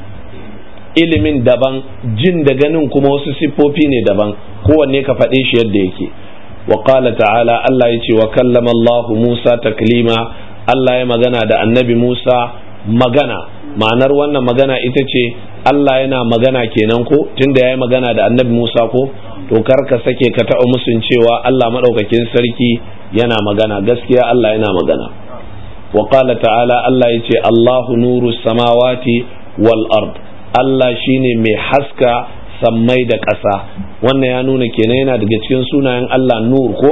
ilimin daban jin da ganin kuma wasu siffofi ne daban kowanne ka faɗe shi yadda yake wa qala ta'ala Allah ya ce wa kallama Allah Musa taklima Allah ya magana da annabi Musa magana ma'anar wannan magana ita ce Allah yana magana kenan ko tunda ya yi magana da annabi Musa ko to kar ka sake ka taɓa musun cewa Allah maɗaukakin sarki yana magana gaskiya Allah yana magana wa qala ta'ala Allah ya ce Allahu nuru samawati wal ard Allah shine mai haska sammai da ƙasa wannan ya nuna kenan yana daga cikin sunayen Allah nur ko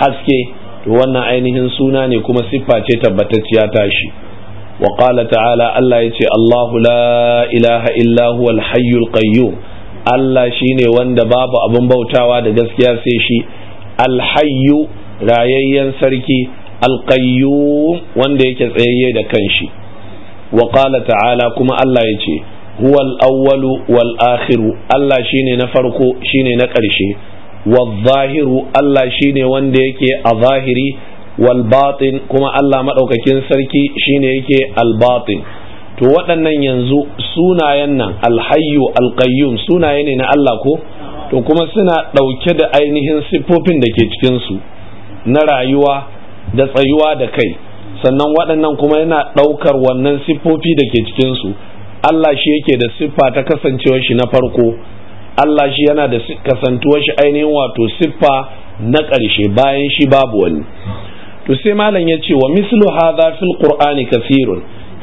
haske to wannan ainihin suna ne kuma siffa ce tabbatacciya tashi وقال تعالى الله يتي الله لا إله إلا هو الحي القيوم الله شيني وند بابا أبن بوتاوا دا جسكيا سيشي الحي رايين سركي القيوم وند يكي دا كنشي وقال تعالى كما الله يتي هو الأول والآخر الله شيني نفركو شيني نكرشي والظاهر الله شيني وند يكي أظاهري wal batin kuma Allah madaukakin sarki shine yake al batin to waɗannan yanzu sunayen nan alhayyu alqayyum sunaye ne na Allah ko to kuma suna ɗauke da ainihin siffofin da ke cikinsu na rayuwa da tsayuwa da kai sannan waɗannan kuma yana ɗaukar wannan siffofi da ke cikinsu Allah shi yake da siffa ta kasancewar shi na farko Allah shi yana da kasantuwar shi ainihin wato siffa na ƙarshe bayan shi babu wani to sai malam ya ce wa mislu hadha fil qur'ani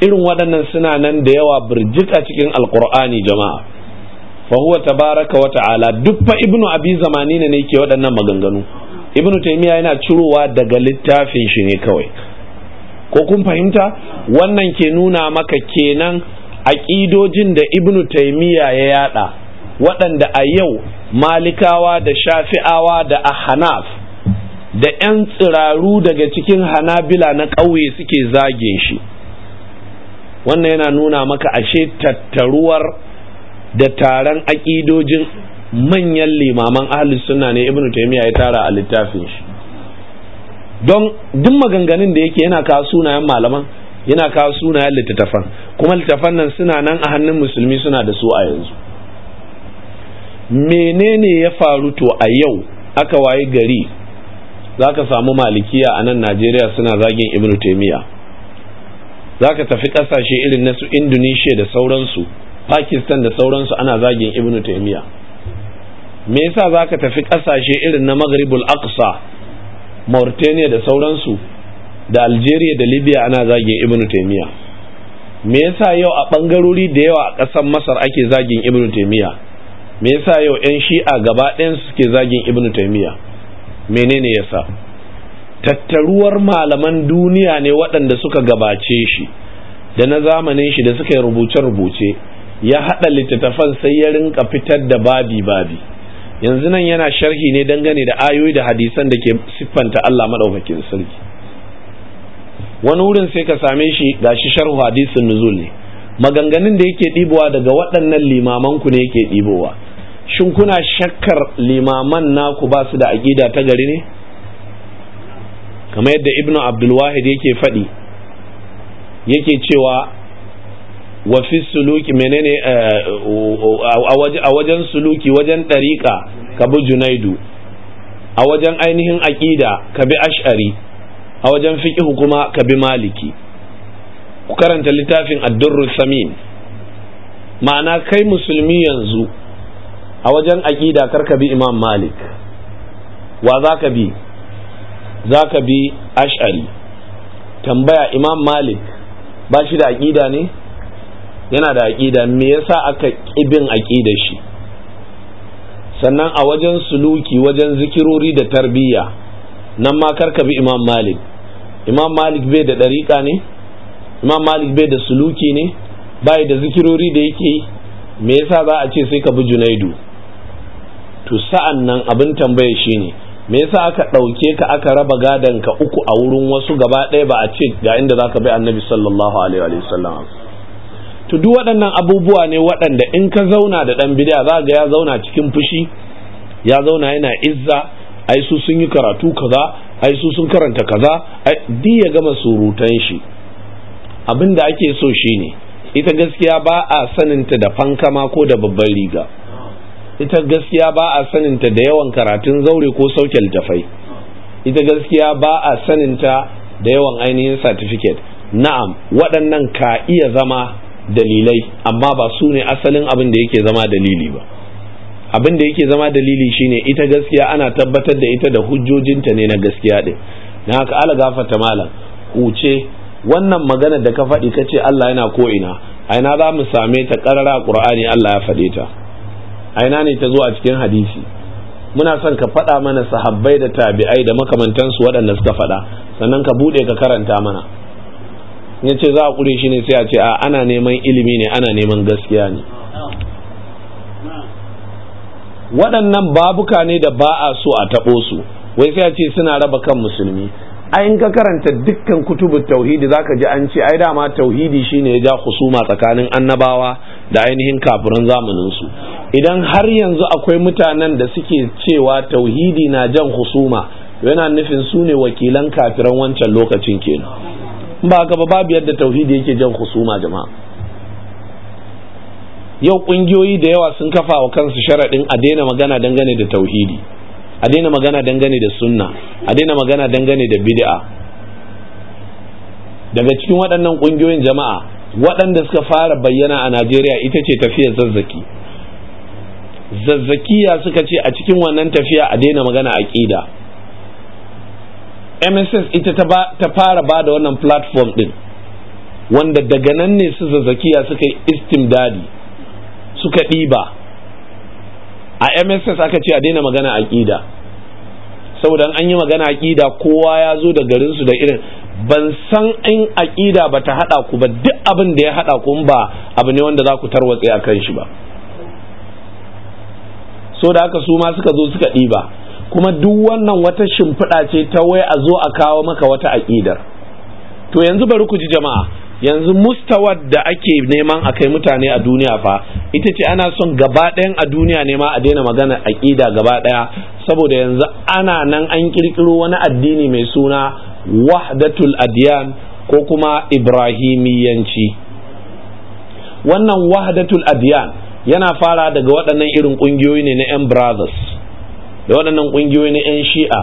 irin waɗannan suna nan da yawa birjika cikin alqur'ani jama'a fa huwa tabaraka wa ta'ala duk ibnu abi zamani ne yake waɗannan maganganu ibnu taymiya yana cirowa daga littafin shi ne kawai ko kun fahimta wannan ke nuna maka kenan aƙidojin da ibnu taymiya ya yada waɗanda a yau malikawa da shafi'awa da ahnaf da 'yan tsiraru daga cikin hanabila na ƙauye suke zage shi wannan yana nuna maka ashe tattaruwar da taron aƙidojin manyan limaman ahli. sunna ne ibn taymiya ya tara a littafin shi don duk maganganun da yake yana kawo sunayen malaman yana kawo sunayen littattafan kuma littattafan nan suna nan a hannun musulmi suna da su a yanzu menene ya faru to a yau aka waye gari za ka samu malikiya a nan najeriya suna zagin ibnu taimiya za ka tafi ƙasashe irin na su indonesia da sauransu pakistan da sauransu ana zagin ibnu taimiya me yasa za ka tafi ƙasashe irin na maghribul aqsa mauritania da sauransu da algeria da libya ana zagin ibnu taimiya me yasa yau a ɓangarori da yawa a ƙasar masar ake zagin ibnu taimiya me yasa yau 'yan shi'a gaba ɗayan suke zagin ibnu taimiya menene yasa tattaruwar malaman duniya ne waɗanda suka gabace shi da na zamanin shi da suka yi rubuce-rubuce ya haɗa littattafan sai ya rinka fitar da babi-babi yanzu nan yana sharhi ne dangane da ayoyi da hadisan da ke siffanta Allah maɗaukakin sarki wani wurin sai ka same shi ga shi sharhu hadisin nuzul ne maganganun da yake ɗibowa daga waɗannan limaman ku ne yake ɗibowa shin kuna shakkar limaman naku ba su da aƙida ta gari ne kamar yadda ibn abdulwahid yake faɗi yake cewa wa fi suluki menene eh, a wajen suluki wajen ɗariƙa ka bi junaidu a wajen ainihin aƙida ka bi ash'ari a wajen fiƙihu kuma ka bi maliki ku karanta littafin addurru samin ma'ana kai musulmi yanzu a wajen aƙida karka bi imam malik wa za ka bi za ka bi ash'ari tambaya imam malik ba shi da aƙida ne yana da aƙida me yasa aka ƙibin aƙida shi sannan a wajen suluki wajen zikirori da tarbiyya nan ma karka bi imam malik imam malik bai da ɗariƙa ne imam malik bai da suluki ne bai da zikirori da yake me yasa za a ce sai ka bi junaidu to sa'an nan abin tambaya shi ne me yasa aka ɗauke ka aka raba gadon ka uku a wurin wasu gaba ɗaya ba a ce ga inda za ka bi annabi sallallahu alaihi wa sallam to duk waɗannan abubuwa ne waɗanda in ka zauna da ɗan bidiya za ga ya zauna cikin fushi ya zauna yana izza ai su sun yi karatu kaza ai su sun karanta kaza ai duk ya gama surutan shi abin da ake so shine ita gaskiya ba a saninta da fankama ko da babban riga ita gaskiya ba a saninta da yawan karatun zaure ko sauke littafai ita gaskiya ba a saninta da yawan ainihin certificate na'am waɗannan ka iya zama dalilai amma ba su ne asalin abin da yake zama dalili ba abin da yake zama dalili shine ita gaskiya ana tabbatar da ita da hujjojinta ne na gaskiya ɗin na haka ala gafata malam huce wannan magana da ka faɗi ka ce Allah yana ko ina aina za mu same ta ƙarara ƙur'ani Allah ya faɗe ta A ina ne ta zo a cikin hadisi muna son ka faɗa mana sahabbai da tabi'ai da makamantansu waɗanda suka faɗa sannan ka buɗe ka karanta mana in ce za a ƙure shi ne sai a ce a ana neman ilimi ne ana neman gaskiya ne waɗannan babuka ne da ba a so a taɓo su wai sai a ce suna raba kan musulmi ayin ka karanta dukkan kutubun tauhidi zaka ji an ce ai dama tauhidi shine ya ja husuma tsakanin annabawa da ainihin kafiran zamanin su idan har yanzu akwai mutanen da suke cewa tauhidi na jan husuma yana nufin su ne wakilan kafiran wancan lokacin kenan ba gaba babu yadda tauhidi yake jan husuma jama'a yau kungiyoyi da yawa sun kafa wa kansu sharaɗin a daina magana dangane da tauhidi a daina magana dangane da sunna a daina magana dangane da bid'a daga cikin waɗannan ƙungiyoyin jama'a waɗanda suka fara bayyana a najeriya ita ce tafiyar zazzaki zazzakiya suka ce a cikin wannan tafiya a daina magana aƙida mss ita ta fara ba da wannan platform ɗin wanda daga nan ne su zazzakiya suka yi istimdadi suka ɗiba a mss aka ce a daina magana aƙida saboda an yi magana aƙida kowa ya zo da garinsu da irin ban san in aƙida ba ta haɗa ku ba duk abin da ya haɗa ku ba abu ne wanda za ku tarwatse a kan shi ba so da haka su ma suka zo suka ɗiba kuma duk wannan wata shimfiɗa ce ta wai a zo a kawo maka wata aƙidar to yanzu bari ku ji jama'a yanzu mustawar da ake neman a kai mutane a duniya fa ita ce ana son gaba ɗayan a duniya nema a daina magana aƙida gaba ɗaya saboda yanzu ana nan an ƙirƙiro wani addini mai suna wahdatul adiyan ko kuma ibrahimiyanci wannan wahdatul adiyan yana fara daga waɗannan irin ƙungiyoyi ne na 'yan brothers da waɗannan ƙungiyoyi na 'yan shi'a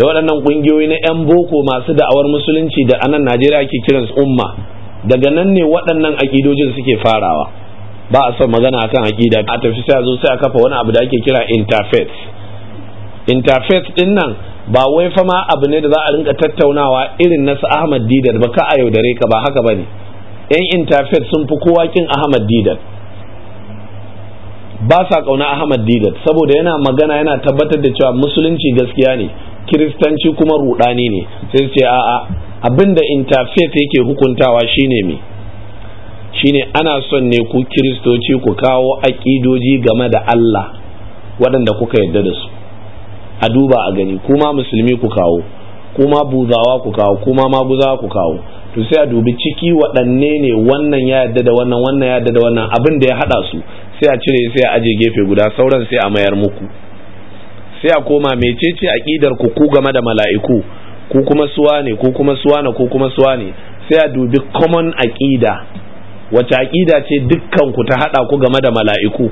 da waɗannan ƙungiyoyi na 'yan boko masu da'awar musulunci da anan najeriya ke kiransu umma daga nan ne waɗannan aƙidojin suke farawa ba a son magana akan aƙida a tafi sai a zo sai a kafa wani abu da ake kira interfaith interfaith din nan ba wai fa ma abu ne da za a rinka tattaunawa irin na su Ahmad Didar ba ka a yaudare ka ba haka bane yan interfaith sun fi kowa kin Ahmad Didar ba sa kauna Ahmad Didar saboda yana magana yana tabbatar da cewa musulunci gaskiya ne kiristanci kuma rudani ne sai su ce a'a abinda interfaith yake hukuntawa shine mi shine ana son ne ku kiristoci ku kawo aƙidoji game da Allah waɗanda kuka yarda da su a duba a gani kuma musulmi ku kawo kuma buzawa ku kawo kuma maguzawa ku kawo to sai a dubi ciki waɗanne ne wannan ya yarda da wannan wannan ya yarda da wannan abin da ya haɗa su sai a cire sai a aje gefe guda sauran sai a mayar muku sai a koma mecece aƙidar ku ku game da mala'iku ko kuma suwa ne ko kuma suwa ne ko kuma suwa ne sai a dubi common aƙida wata aƙida ce dukkan ku ta haɗa ku game da mala'iku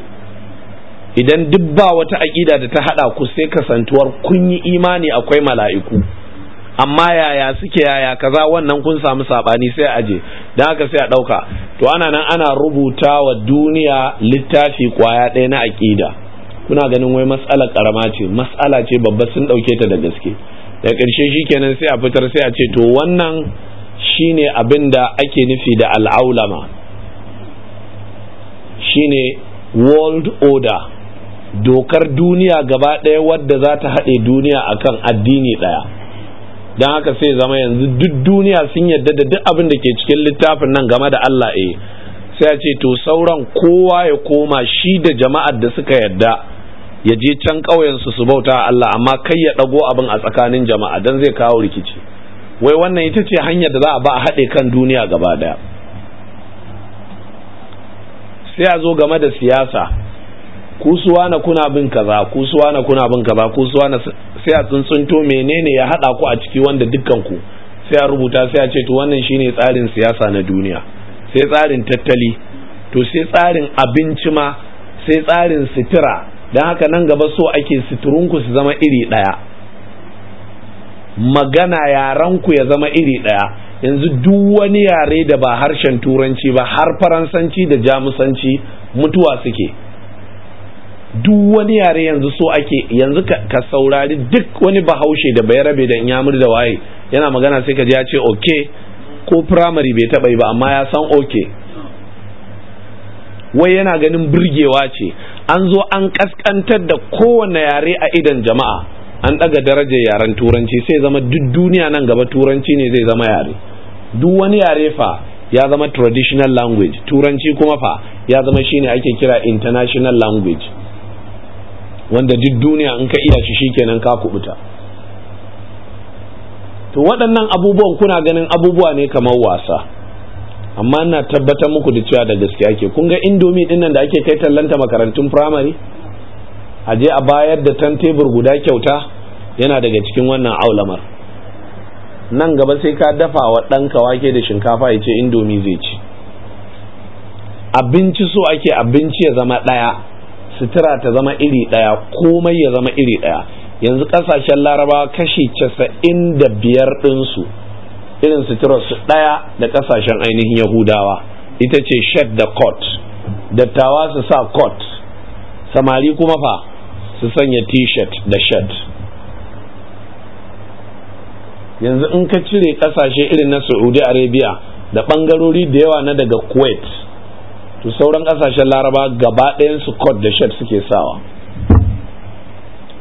idan duk ba wata aƙida da ta haɗa ku sai kasantuwar kun yi imani akwai mala'iku amma yaya suke yaya kaza wannan kun samu saɓani sai aje Dan haka sai a ɗauka to ana nan ana rubuta wa duniya littafi kwaya ɗaya na aƙida kuna ganin wai matsalar ƙarama ce matsala ce babba sun ɗauke ta da gaske da ƙarshe kenan sai a fitar sai a ce to wannan shine abin da ake nufi da al'aulama shine world order dokar duniya gaba ɗaya wadda za ta haɗe duniya a kan addini ɗaya don haka sai zama yanzu duk duniya sun yadda da duk abin da ke cikin littafin nan game da Allah eh sai a ce to sauran kowa ya koma shi da jama'ar da suka yadda ya je can ƙauyensu su bauta Allah amma kai ya ɗago abin a tsakanin jama'a don zai kawo rikici wai wannan ita ce hanyar da za a ba a haɗe kan duniya gaba ɗaya sai a zo game da siyasa ku su na kuna bin kaza ku su na kuna bin kaza ku su na sai a tsuntsunto menene ya haɗa ku a ciki wanda dukkan ku sai a rubuta sai a ce to wannan shine tsarin siyasa na duniya sai tsarin tattali to sai tsarin abinci ma sai tsarin sitira don haka nan gaba so ake suturunku su zama iri ɗaya magana yarenku ya zama iri ɗaya yanzu duk wani yare da ba harshen turanci ba har faransanci da jamusanci mutuwa suke duk wani yare yanzu so ake yanzu ka saurari duk wani bahaushe da bai rabe da yamur da waye yana magana sai ka ji ya ce okay ko firamare bai taɓa yi ba amma ya san okay wai yana ganin birgewa ce an zo an kaskantar da kowane yare a idan jama'a an daga darajar yaren turanci sai zama duk duniya nan gaba turanci ne zai zama yare duk wani yare fa ya zama traditional language turanci kuma fa ya zama shi ne ake kira international language wanda duk duniya in ka iya shi shikenan ka kubuta to waɗannan abubuwan kuna ganin abubuwa ne kamar wasa amma ina tabbatar muku da cewa da gaske ke kun ga indomi din nan da ake kai tallanta makarantun firamare a je a bayar da tan tebur guda kyauta yana daga cikin wannan aulamar nan gaba sai ka dafa wa ɗanka wake da shinkafa ya ce indomi zai ci abinci so ake abinci ya zama ɗaya sutura ta zama iri ɗaya komai ya zama iri ɗaya yanzu ƙasashen larabawa kashi casa'in da biyar ɗinsu irin suturar su ɗaya da ƙasashen ainihin yahudawa ita ce shed da kot. dattawa su sa kot. samari kuma fa su sanya t-shirt da shed yanzu in ka cire ƙasashe irin na saudi arabia da ɓangarori da yawa na daga kuwait to sauran ƙasashen laraba gaba ɗayan su court da shed suke sawa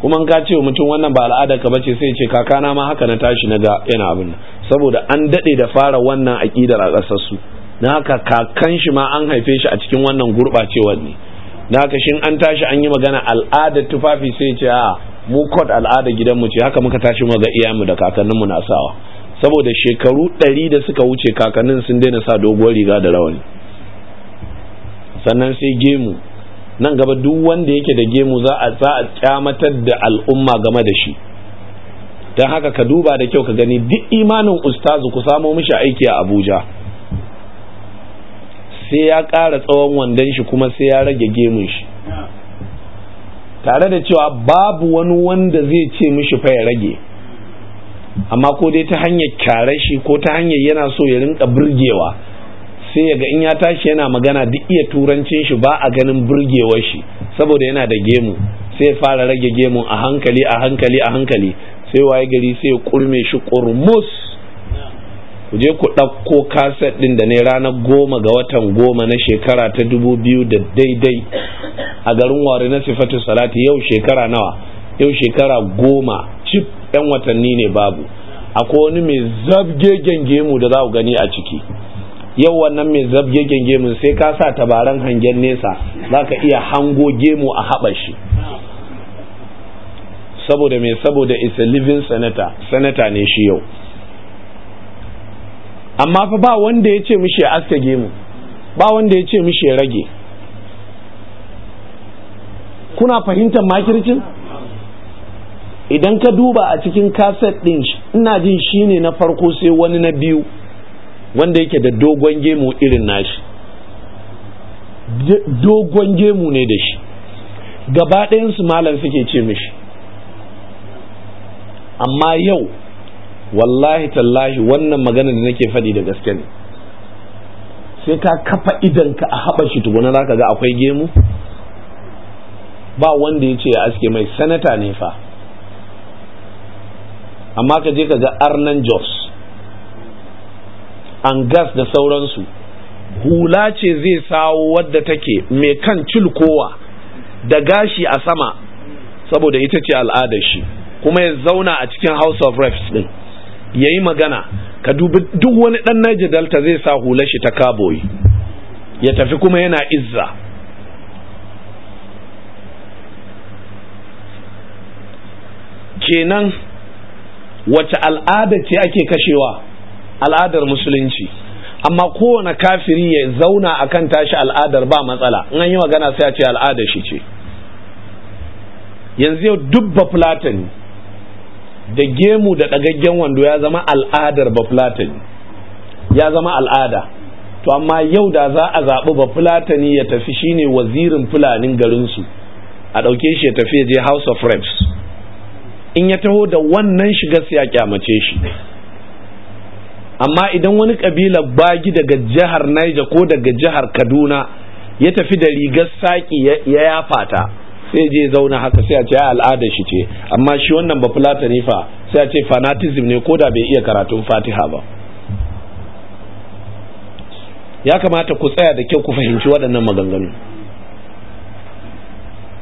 kuma ka ce mutum wannan ba al'ada ka bace sai ce kakana ma haka na tashi na ga yana abin saboda an dade da fara wannan aqidar a ƙasar su na haka kakan shi ma an haife shi a cikin wannan gurɓacewar ne na haka shin an tashi an yi magana al'adar tufafi sai ce a mu kod al'adar mu ce haka muka tashi mu ga iyayenmu da kakannin mu na sawa saboda shekaru ɗari da suka wuce kakannin sun daina sa doguwar riga da rawani sannan sai gemu nan gaba duk wanda yake da gemu za a za a kyamatar da al'umma game da shi don haka ka duba da kyau ka gani duk imanin ustazu ku samo mishi aiki a abuja sai ya ƙara tsawon wandon shi kuma sai ya rage gemun shi tare da cewa babu wani wanda zai ce mishi fa ya rage amma ko dai ta hanyar kyare shi ko ta hanyar yana so ya rinka burgewa sai ya ga in ya tashi yana magana duk iya turancin shi ba a ganin burgewar shi saboda yana da gemu sai ya fara rage gemu a hankali a hankali a hankali sai waye gari sai ya kurme shi kurmus ku je ku ɗauko kaset ɗin da ne ranar goma ga watan goma na shekara ta dubu biyu da daidai a garin wari na sifatu salati yau shekara nawa yau shekara goma cif yan watanni ne babu akwai wani mai zabge gemu da za ku gani a ciki yau wannan mai zabgegen gemu sai ka sa tabaran hangen nesa za ka iya hango gemu a haɓa shi saboda mai saboda is a living senator senator ne shi yau amma fa ba wanda ya ce mishi ya aske gemu ba wanda ya ce mishi ya rage kuna fahimtar makircin idan ka duba a cikin kaset ɗin ina jin shi ne na farko sai wani na biyu wanda yake da dogon gemu irin nashi dogon gemu ne da shi gaba ɗayansu malam suke ce mishi amma yau wallahi tallahi wannan magana da nake faɗi da gaske ne sai ka kafa idanka a haɓa shi tukuna za ka ga akwai gemu ba wanda ya ce ya aske mai sanata ne fa amma ka je ka ga arnan jos an gas da sauransu hula ce zai sawo wadda take mai kan cilkowa da gashi a sama saboda ita ce al'adar shi kuma ya zauna a cikin house of reps din ya yi magana ka dubi duk wani dan Niger Delta zai sa hula shi ta kaboyi ya tafi kuma yana izza kenan wace al'ada ce ake kashewa al'adar musulunci amma kowane kafiri ya zauna a kan tashi al'adar ba matsala in an yi magana sai a ce al'adar shi ce yanzu yau duk bafulatan da gemu da ɗagaggen wando ya zama al'adar bafulatan ya zama al'ada to amma yau da za a zaɓi bafulatani ya tafi shine wazirin fulanin garinsu a ɗauke shi ya tafi je house of reps in ya taho da wannan shiga sai a kyamace shi amma idan wani kabila bagi daga jihar Niger ko daga jihar Kaduna ya tafi da rigar saki ya yafa ta sai je zauna haka sai a ce al'ada shi ce amma shi wannan ba fulata ne fa sai a ce fanatism ne ko da bai iya karatun fatiha ba ya kamata ku tsaya da kyau ku fahimci waɗannan maganganu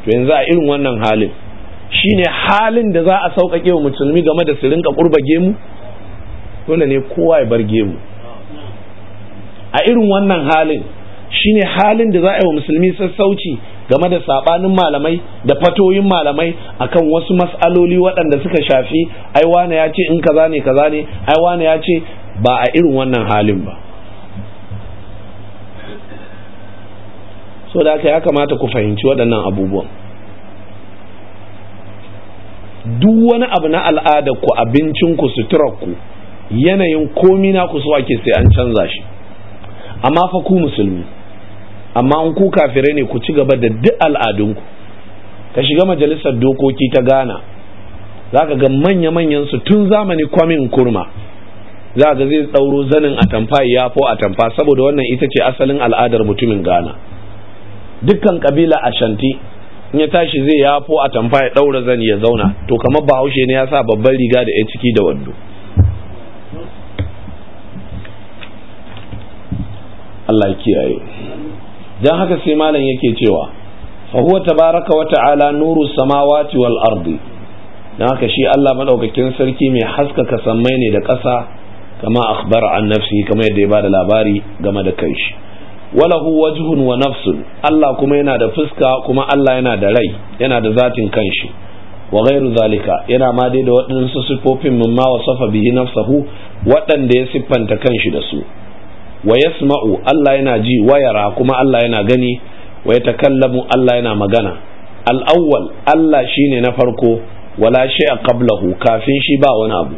to yanzu a irin wannan halin shine halin da za a sauƙaƙe wa musulmi game da su rinka ƙurbage mu dole ne kowa ya bar gemu a irin wannan halin shine halin da za a yi wa musulmi sassauci game da saɓanin malamai da fatoyin malamai akan wasu mas'aloli waɗanda suka shafi ai wane ya ce in kaza ne kaza ne ai wane ya ce ba a irin wannan halin ba so da ya kamata ku fahimci waɗannan abubuwan duk wani abu na al'adar ku abincin ku suturar ku yanayin komi na ku ake sai an canza shi amma fa ku musulmi amma an ku kafirai ne ku ci gaba da duk al'adunku ka shiga majalisar dokoki ta ghana za ka ga manya-manyan su tun zamani kwamin kurma za ga zai tsauro zanin atamfa ya fo atamfa saboda wannan ita ce asalin al'adar mutumin ghana dukkan kabila ashanti in ya tashi zai yafo atamfa ya ɗaura zani ya zauna to kamar bahaushe ne ya sa babban riga da ya ciki da wando Allah ya kiyaye dan haka sai malam yake cewa fa huwa tabaraka wa ta'ala nuru samawati wal ardi dan haka shi Allah madaukakin sarki mai haskaka sammai ne da ƙasa kama akhbar an nafsi kama yadda ya bada labari game da kanshi walahu wajhun wa nafsun Allah kuma yana da fuska kuma Allah yana da rai yana da zatin kanshi wa ghairu zalika yana ma dai da waɗansu siffofin ma wasafa bihi nafsahu waɗanda ya siffanta kanshi da su wa yasma'u Allah yana ji wa yara kuma Allah yana gani wa yatakallamu Allah yana magana al-awwal Allah shine na farko wala shay'a qablahu kafin shi ba wani abu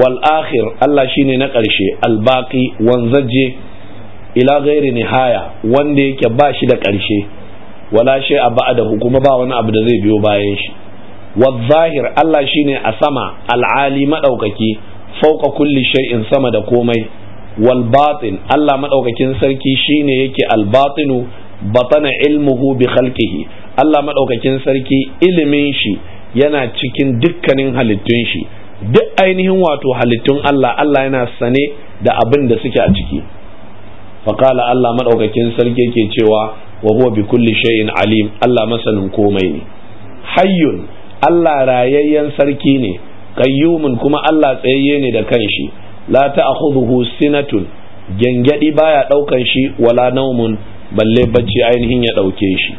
wal akhir Allah shine na ƙarshe al-baqi wanzaje ila ghairi nihaya wanda yake ba shi da ƙarshe wala shay'a ba'dahu kuma ba wani abu da zai biyo bayan shi zahir Allah shine a sama al'ali maɗaukaki fauka kulli shay'in sama da komai wal batin Allah madaukakin sarki shine yake al batinu batana ilmuhu bi khalqihi Allah madaukakin sarki ilimin shi yana cikin dukkanin halittun shi duk ainihin wato halittun Allah Allah yana sane da abin da suke a ciki faqala Allah maɗaukakin sarki yake cewa wa huwa bi kulli shay'in alim Allah masanin komai ne hayyun Allah rayayyen sarki ne kayyumun kuma Allah tsayayye ne da kanshi la ta'khudhuhu sinatun gengedi baya daukan shi wala naumun balle bacci ainihin ya dauke shi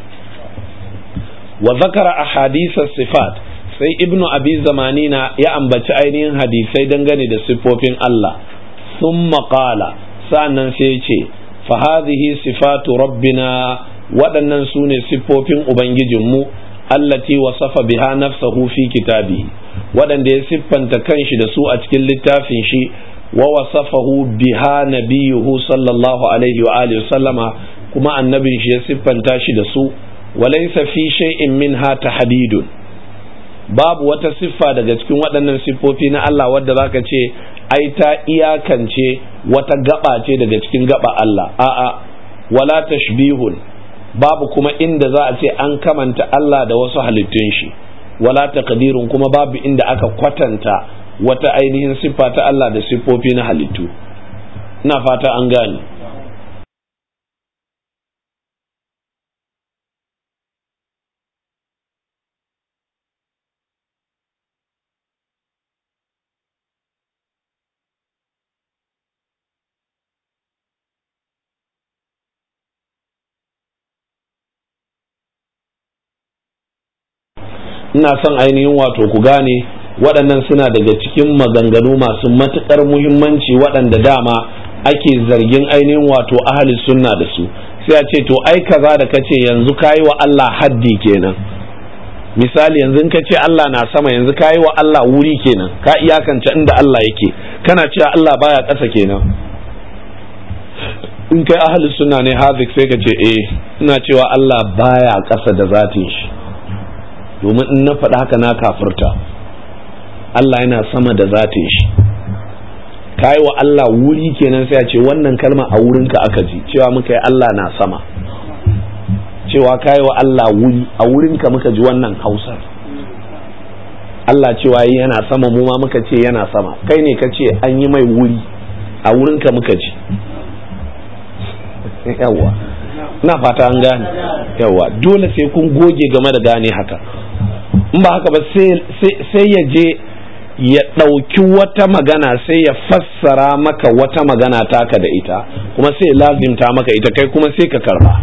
wa zakara ahadisa sifat sai ibnu abi na ya ambaci ainihin hadisai dangane da siffofin Allah thumma qala sa'annan sai ce fa hadhihi sifatu rabbina waɗannan su ne siffofin ubangijinmu allati wasafa biha nafsahu fi kitabi waɗanda ya siffanta kanshi da su a cikin littafin shi ووصفه بها نبيه صلى الله عليه وآله وسلم كما النبي su. تاشد سوء وليس في شيء منها تحديد babu wata siffa daga cikin waɗannan siffofi na Allah wadda zaka ce ai ta iyakance wata gaba ce daga cikin gaba Allah a'a wala tashbihun babu kuma inda za a ce an kamanta Allah da wasu halittun shi wala taqdirun kuma babu inda aka kwatanta wata ainihin siffa ta Allah da siffofi na halittu ina fata an gane ina son ainihin wato ku gane waɗannan suna daga cikin maganganu masu matuƙar muhimmanci waɗanda dama ake zargin ainihin wato ahli sunna da su sai a ce to ai kaza da kace yanzu kayi wa Allah haddi kenan misali yanzu ka ce Allah na sama yanzu kayi wa Allah wuri kenan ka iyakance inda Allah yake kana cewa Allah baya ƙasa kenan in kai ahli sunna ne hazik sai ka ce eh ina cewa Allah baya ƙasa da zatin shi domin in na faɗa haka na kafirta Allah yana sama da zatin shi kai wa Allah wuri kenan sai a ce wannan kalma a wurinka aka ji cewa muka yi Allah na sama cewa kai wa Allah wuri a wurinka muka ji wannan hausar Allah cewa yana sama mu ma muka ce yana sama kai ne ka ce an yi mai wuri a wurinka muka ji yawwa na fata an gane yawwa dole sai kun goge game da gane haka in ba haka ba sai ya je ya ɗauki wata magana sai ya fassara maka wata magana taka da ita kuma sai lazimta maka ita kai kuma sai ka karba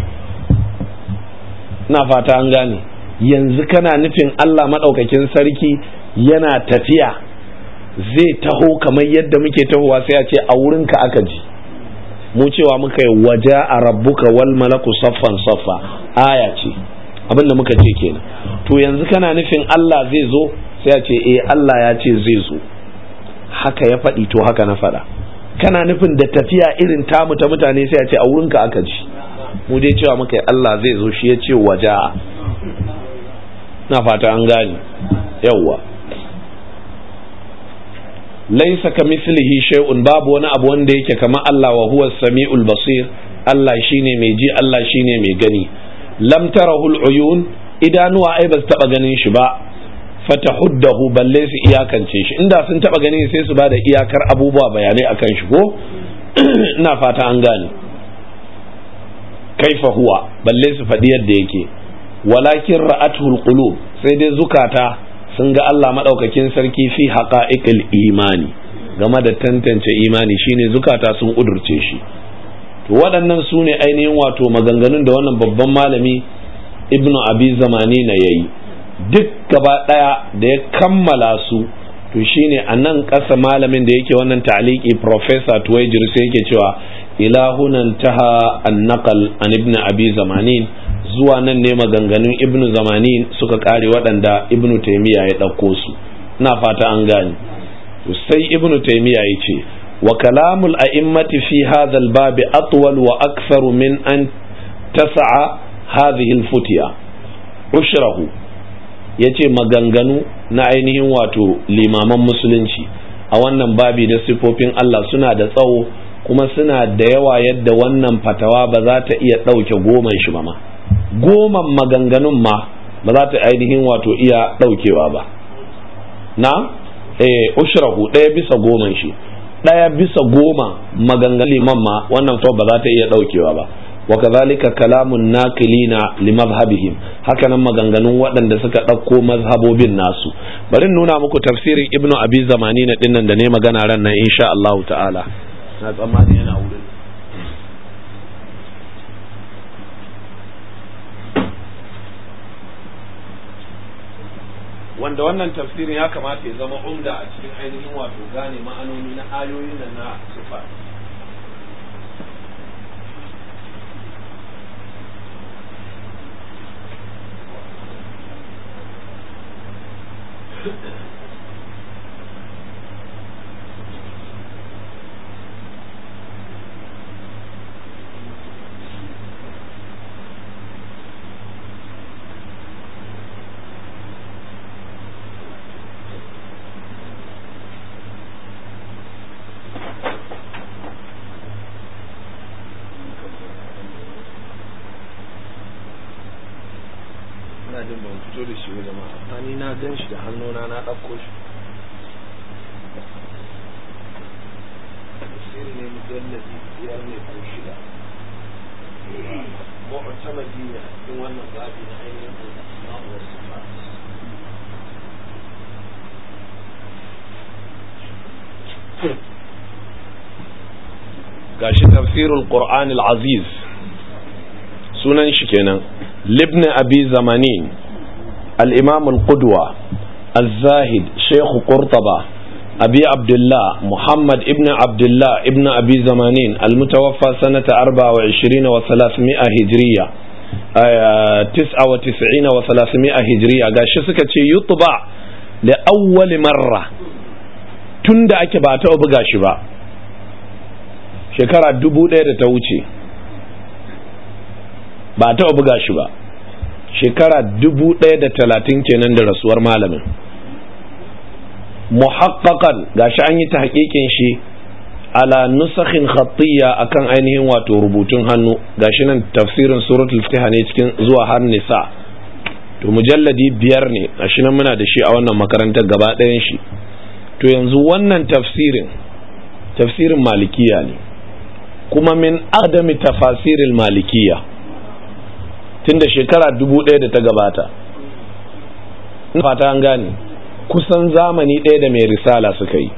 na fata an gane yanzu kana nufin Allah maɗaukakin sarki yana tafiya zai taho kamar yadda muke tahowa sai a ce a wurinka aka ji mu cewa muka yi waje a rabbuka wal malaku saffan saffa aya ce Abin da muka ce kenan to yanzu kana nufin Allah zai zo sai ya ce eh Allah ya ce zai zo haka ya faɗi to haka na faɗa kana nufin da tafiya irin tamu ta mutane sai ya ce a wurinka aka ji mu dai cewa muka Allah zai zo shi ya ce waja na fata an gani yawwa laisa ka mislihi shay'un babu wani abu wanda yake kamar Allah wa huwa samiul basir Allah shine mai ji Allah shine mai gani lam al uyun idanuwa ai ba su taba ganin shi ba fatahuddahu balle su iyakance shi inda sun taba ganin sai su bada iyakar abubuwa bayanai akan shi ko ina fata an gane kaifa huwa balle su faɗi yadda yake walakin ra'atul qulub sai dai zukata sun ga Allah madaukakin sarki fi haqa'iqil imani game da tantance imani shine zukata sun udurce shi to waɗannan su ne ainihin wato maganganun da wannan babban malami ibn abi zamani na yayi duk gaba ɗaya da ya kammala su to shine a nan ƙasa malamin da yake wannan ta'aliki Profesa tuwai sai yake cewa ilahunan taha an naqal an ibn abi zamani zuwa nan ne maganganun ibn zamani suka ƙare waɗanda ibn taimiya ya ɗauko su na fata an gane sai ibn taimiya ya ce وكلام الأئمة في هذا الباب أطول وأكثر من أن تسع هذه الفتية عشره yace maganganu na ainihin wato limaman musulunci a wannan babi da sifofin Allah suna da tsawo kuma suna da yawa yadda wannan fatawa ba za ta iya ɗauke goman shi ba ma goman maganganun ma ba za ta ainihin wato iya ɗaukewa ba na eh ushrahu ɗaya bisa goman shi ɗaya bisa goma maganganun liman ma wannan fa ba za ta iya ɗaukewa ba Wa kazalika kalamun nakilina haka hakanan maganganun waɗanda suka ɗauko mazhabobin nasu bari nuna muku tafsirin ibnu abi zamani na dinnan da ne magana ran nan insha Allah ta'ala na tsammani yana wurin wanda wannan tafsirin ya kamata ya zama umda a cikin ainihin wato gane ma'anoni na ayoyin nan na sufa Thank you. القرآن العزيز سنن شكينا لابن أبي زمانين الإمام القدوة الزاهد شيخ قرطبة أبي عبد الله محمد ابن عبد الله ابن أبي زمانين المتوفى سنة 24 و300 هجرية تسعة وتسعين وثلاثمائة هجرية قال شسكة يطبع لأول مرة awwal marra tunda ake ba ta buga shi ba shekara dubu ɗaya da ta wuce ba taɓa buga shi ba shekara dubu ɗaya da talatin kenan da rasuwar malamin ga gashi an yi ta hakikin shi ala nusakhin khatiyya akan ainihin wato rubutun hannu gashi nan tafsirin suratul fatiha ne cikin zuwa har nisa to mujalladi biyar ne gashi nan muna da shi a wannan makarantar gaba ɗayan shi to yanzu wannan tafsirin tafsirin malikiya ne kuma min adami tafasirin malikiya tun da shekara dubu ɗaya da ta gabata na fata an gane kusan zamani ɗaya da mai risala suka yi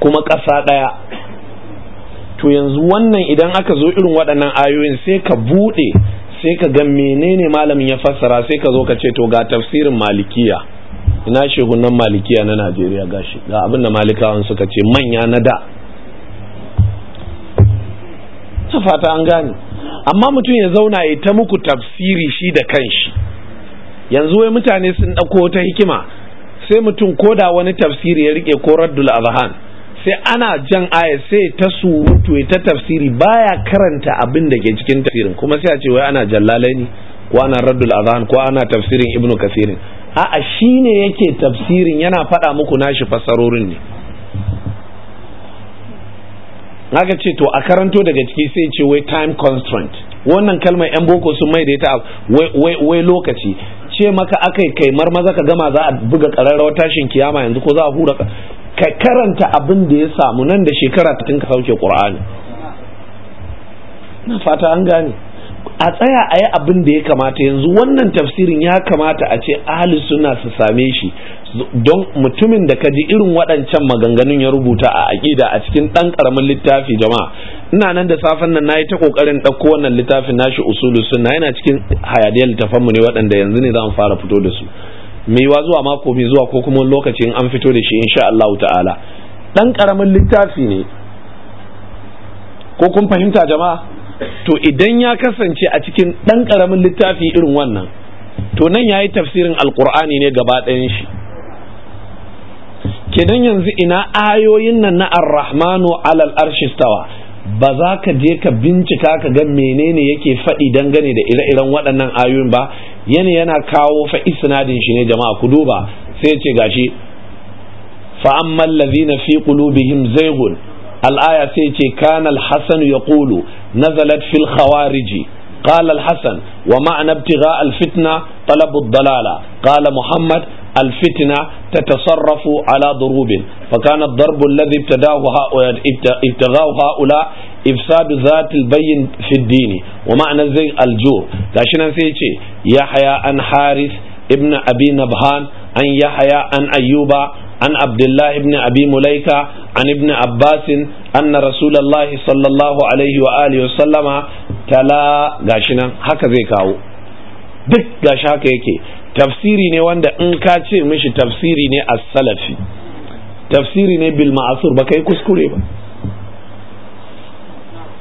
kuma ƙasa ɗaya to yanzu wannan idan aka zo irin waɗannan ayoyin sai ka buɗe sai ka ga menene malamin ya fassara sai ka zo ka ce to ga tafsirin malikiya ina shehunan malikiya na najeriya gashi ga abin da malikawan suka ce manya na da ina fata an gane amma mutum ya zauna ya ta muku tafsiri shi da kanshi yanzu wai mutane sun ɗauko wata hikima sai mutum ko da wani tafsiri ya rike ko raddul azhan sai ana jan aya sai ta surutu ya ta tafsiri baya karanta abin da ke cikin tafsirin kuma sai a ce wai ana jallalai ko ana raddul azhan ko ana tafsirin ibnu kasirin a'a shine yake tafsirin yana faɗa muku nashi fassarorin ne aka ce to a karanto daga ciki sai ce wai time constraint wannan kalmar yan boko sun mai da ita wai lokaci ce maka akai kai maza ka gama za a buga kararrawar tashin kiyama yanzu ko za a hura ka karanta abin da ya samu nan da shekara ta ka sauke qur'ani na fata an gane a tsaya a yi abin da ya kamata yanzu wannan tafsirin ya kamata a ce ahli suna su same shi don mutumin da ka ji irin waɗancan maganganun ya rubuta a aƙida a cikin ɗan ƙaramin littafi jama'a ina nan da safen nan na yi ta ƙoƙarin ɗauko wannan littafin nashi usulu suna yana cikin hayadiyar littafanmu ne waɗanda yanzu ne za mu fara fito da su yiwa zuwa mako me zuwa ko kuma lokacin an fito da shi insha Allah ta'ala ɗan ƙaramin littafi ne ko kun fahimta jama'a to idan ya kasance a cikin ɗan ƙaramin littafi irin wannan to nan ya yi tafsirin alƙur'ani ne gaba ɗayan shi kenan yanzu ina ayoyin nan na ar-rahmanu alal arshi stawa ba za ka je ka bincika ka ga menene yake faɗi dangane da ire-iren waɗannan ayoyin ba yana yana kawo fa isnadin shi ne jama'a ku duba sai ce gashi fa ammal ladhina fi qulubihim zaygun al-aya sai ce kana al-hasan yaqulu nazalat fil khawariji قال الحسن ومعنى ابتغاء الفتنة طلب الضلالة قال محمد الفتنة تتصرف على ضروب فكان الضرب الذي ابتداه ابتغاه هؤلاء إفساد ذات البين في الدين ومعنى زي الجور كاشنا سيتي يحيى أن حارث ابن أبي نبهان أن يحيى أن أيوب عن عبد الله بن أبي مليكة عن ابن عباس أن رسول الله صلى الله عليه وآله وسلم تلا غاشنا هكذا كاو duk gashi haka yake tafsiri ne wanda in ka ce mishi tafsiri ne a salafi tafsiri ne bil ma'asur ba kai kuskure ba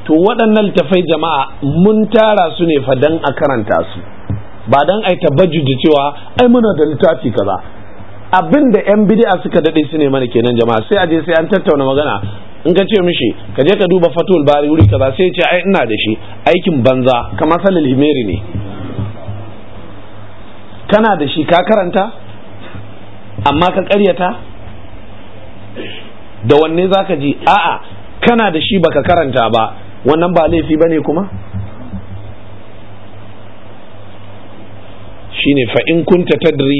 to waɗannan tafai jama'a mun tara su ne fa dan a karanta su ba dan ai tabajjuji cewa ai muna da littafi kaza abin da yan bid'a suka daɗe su ne mana kenan jama'a sai a je sai an tattauna magana in ka ce mishi ka je ka duba fatul bari wuri kaza sai ce ai ina da shi aikin banza kamar salil himeri ne kana da shi ka karanta amma ka karyata da wanne za ka ji a'a kana da shi baka karanta ba wannan ba laifi ba ne kuma Shi ne fa’in kunta tadri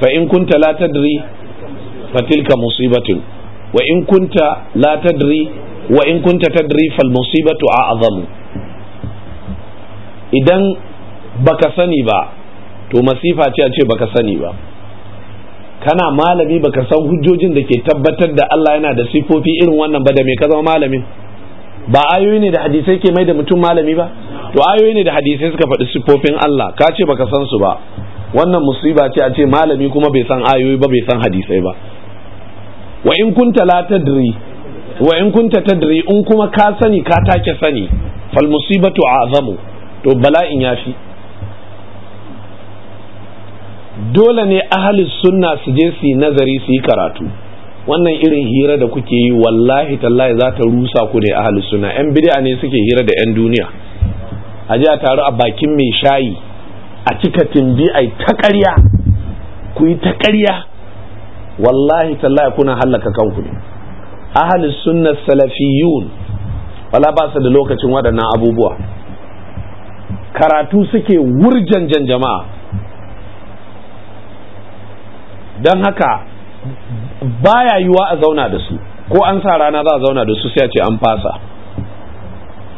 fa’in kunta la tadri fa musibatun wa in kunta la tadri wa in kunta tadri fal musibatu a'zamu idan baka sani ba to masifa ce a ce baka sani ba kana malami baka san hujjojin da ke tabbatar da Allah yana da sifofi irin wannan ba da me ka zama malamin ba ayoyi ne da hadisai ke mai da mutum malami ba to ayoyi ne da hadisai suka faɗi sifofin Allah ka ce baka san su ba wannan musiba ce a ce malami kuma bai san ayoyi ba bai san hadisai ba wa in kunta la tadri wa in kunta tadri in kuma ka sani ka take sani fal musibatu azamu to bala'in fi. dole ne ahli sunna su je su yi nazari su yi karatu wannan irin hira da kuke yi wallahi tallahi za ta rusa ku ne ahli sunna yan bid'a ne suke hira da yan duniya a ji a taru a bakin mai shayi a cika tumbi ai ta ƙarya ku yi ta ƙarya wallahi tallahi kuna hallaka kanku ne ahalus sunna salafiyun wala ba su da lokacin waɗannan abubuwa karatu suke wurjan jan jama'a don haka baya yiwa a zauna da su ko an sa rana za a zauna da su sai a ce an fasa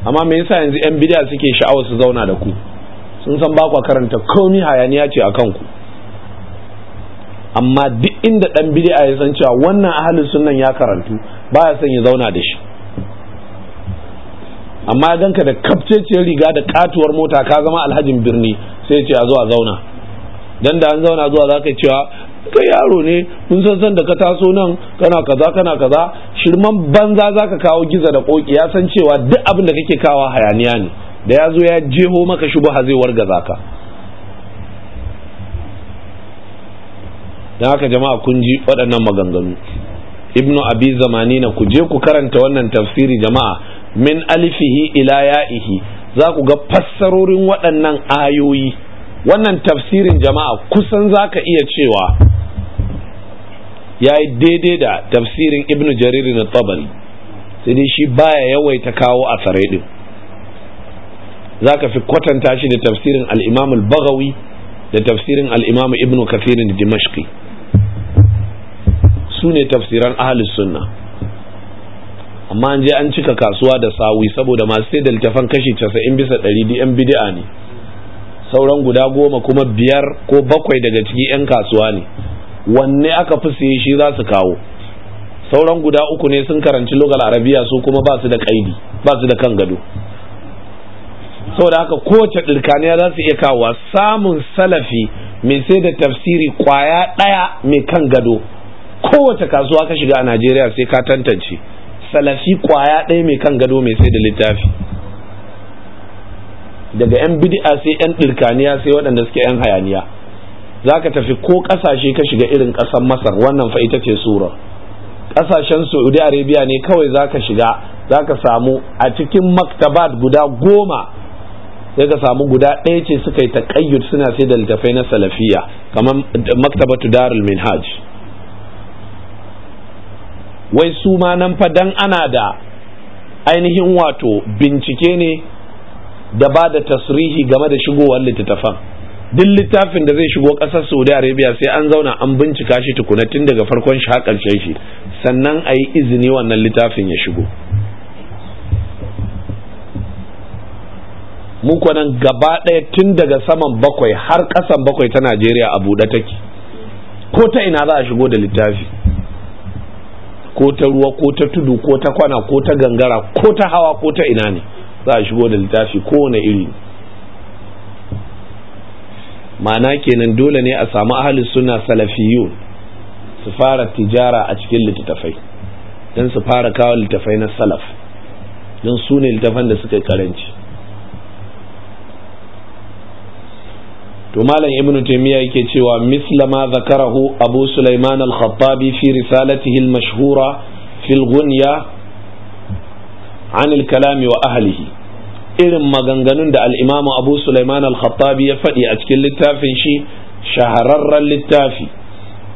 amma me yasa yanzu yan bid'a suke sha'awar su zauna da ku sun san ba kwa karanta komi hayaniya ce a kanku amma duk inda dan bid'a ya san cewa wannan ahalin sunnan ya karantu baya son ya zauna da shi amma ganka da kafceciyar riga da katuwar mota ka zama alhajin birni sai ce a zuwa zauna dan da an zauna zuwa za zaka cewa kai yaro ne mun san san da ka taso nan kana kaza kana kaza shirman banza zaka kawo giza da koki ya san cewa duk abin da kake kawo hayaniya ne da ya zo ya jeho maka shubha zai warga ka dan haka jama'a kun ji waɗannan maganganu ibnu abi na ku je ku karanta wannan tafsiri jama'a min alifihi ila ya'ihi za ku ga fassarorin waɗannan ayoyi wannan tafsirin jama'a kusan za ka iya cewa ya yi daidai da tafsirin ibnu jariri na tabari sai dai shi baya yawaita kawo a tsare din za ka fi kwatanta shi da tafsirin al'imam bagawi da tafsirin al'imam ibnu kafirin dimashki su ne tafsiran ahalus sunna amma an je an cika kasuwa da sawi saboda masu sai da littafan kashi 90 bisa 100 yan bid'a ne sauran guda goma kuma biyar ko bakwai daga ciki 'yan kasuwa ne wanne aka fi siye shi za su kawo sauran guda uku ne sun karanci lokal arabiya su kuma ba su da kaidi ba su da kan gado saboda haka kowace ɗirkaniya za su iya kawowa samun salafi mai sai da tafsiri kwaya ɗaya mai kan gado kowace kasuwa ka shiga a najeriya sai ka tantance salafi kwaya ɗaya mai kan gado mai sai da littafi daga 'yan bid'a sai 'yan ɗirkaniya sai waɗanda suke 'yan hayaniya za ka tafi ko ƙasashe ka shiga irin ƙasar masar wannan fa ita ce surar ƙasashen saudi arabia ne kawai za ka shiga za ka samu a cikin maktabat guda goma sai ka samu guda ɗaya ce suka yi taƙayyud suna sai da littafai na salafiya kamar maktabatu darul minhaj wai su ma nan fa dan ana da ainihin wato bincike ne da ba da tasrihi game da shigowar littattafan duk littafin da zai shigo ƙasar saudi arabia sai an zauna an bincika shi tukuna tun daga farkon shi har ƙarshen shi sannan a yi izini wannan littafin ya shigo Muku nan gaba ɗaya tun daga saman bakwai har ƙasan bakwai ta najeriya a buɗe take ko ta ina za a shigo da littafi ko ta ruwa ko ta tudu ko ta kwana ko ta gangara ko ta hawa ko ta ina ne za a shigo da littafi kowane iri ma'ana kenan dole ne a samu ahli suna salafiyun su fara tijara a cikin littattafai don su fara kawo littattafai na salaf don su ne littattafan da suka karanci to malam ibn taymiya yake cewa misla ma zakarahu abu sulaiman al-khattabi fi risalatihi al-mashhura fi al-ghunya an al-kalami wa ahlihi irin maganganun da al-imam abu sulaiman al-khattabi ya fadi a cikin littafin shi shahararren littafi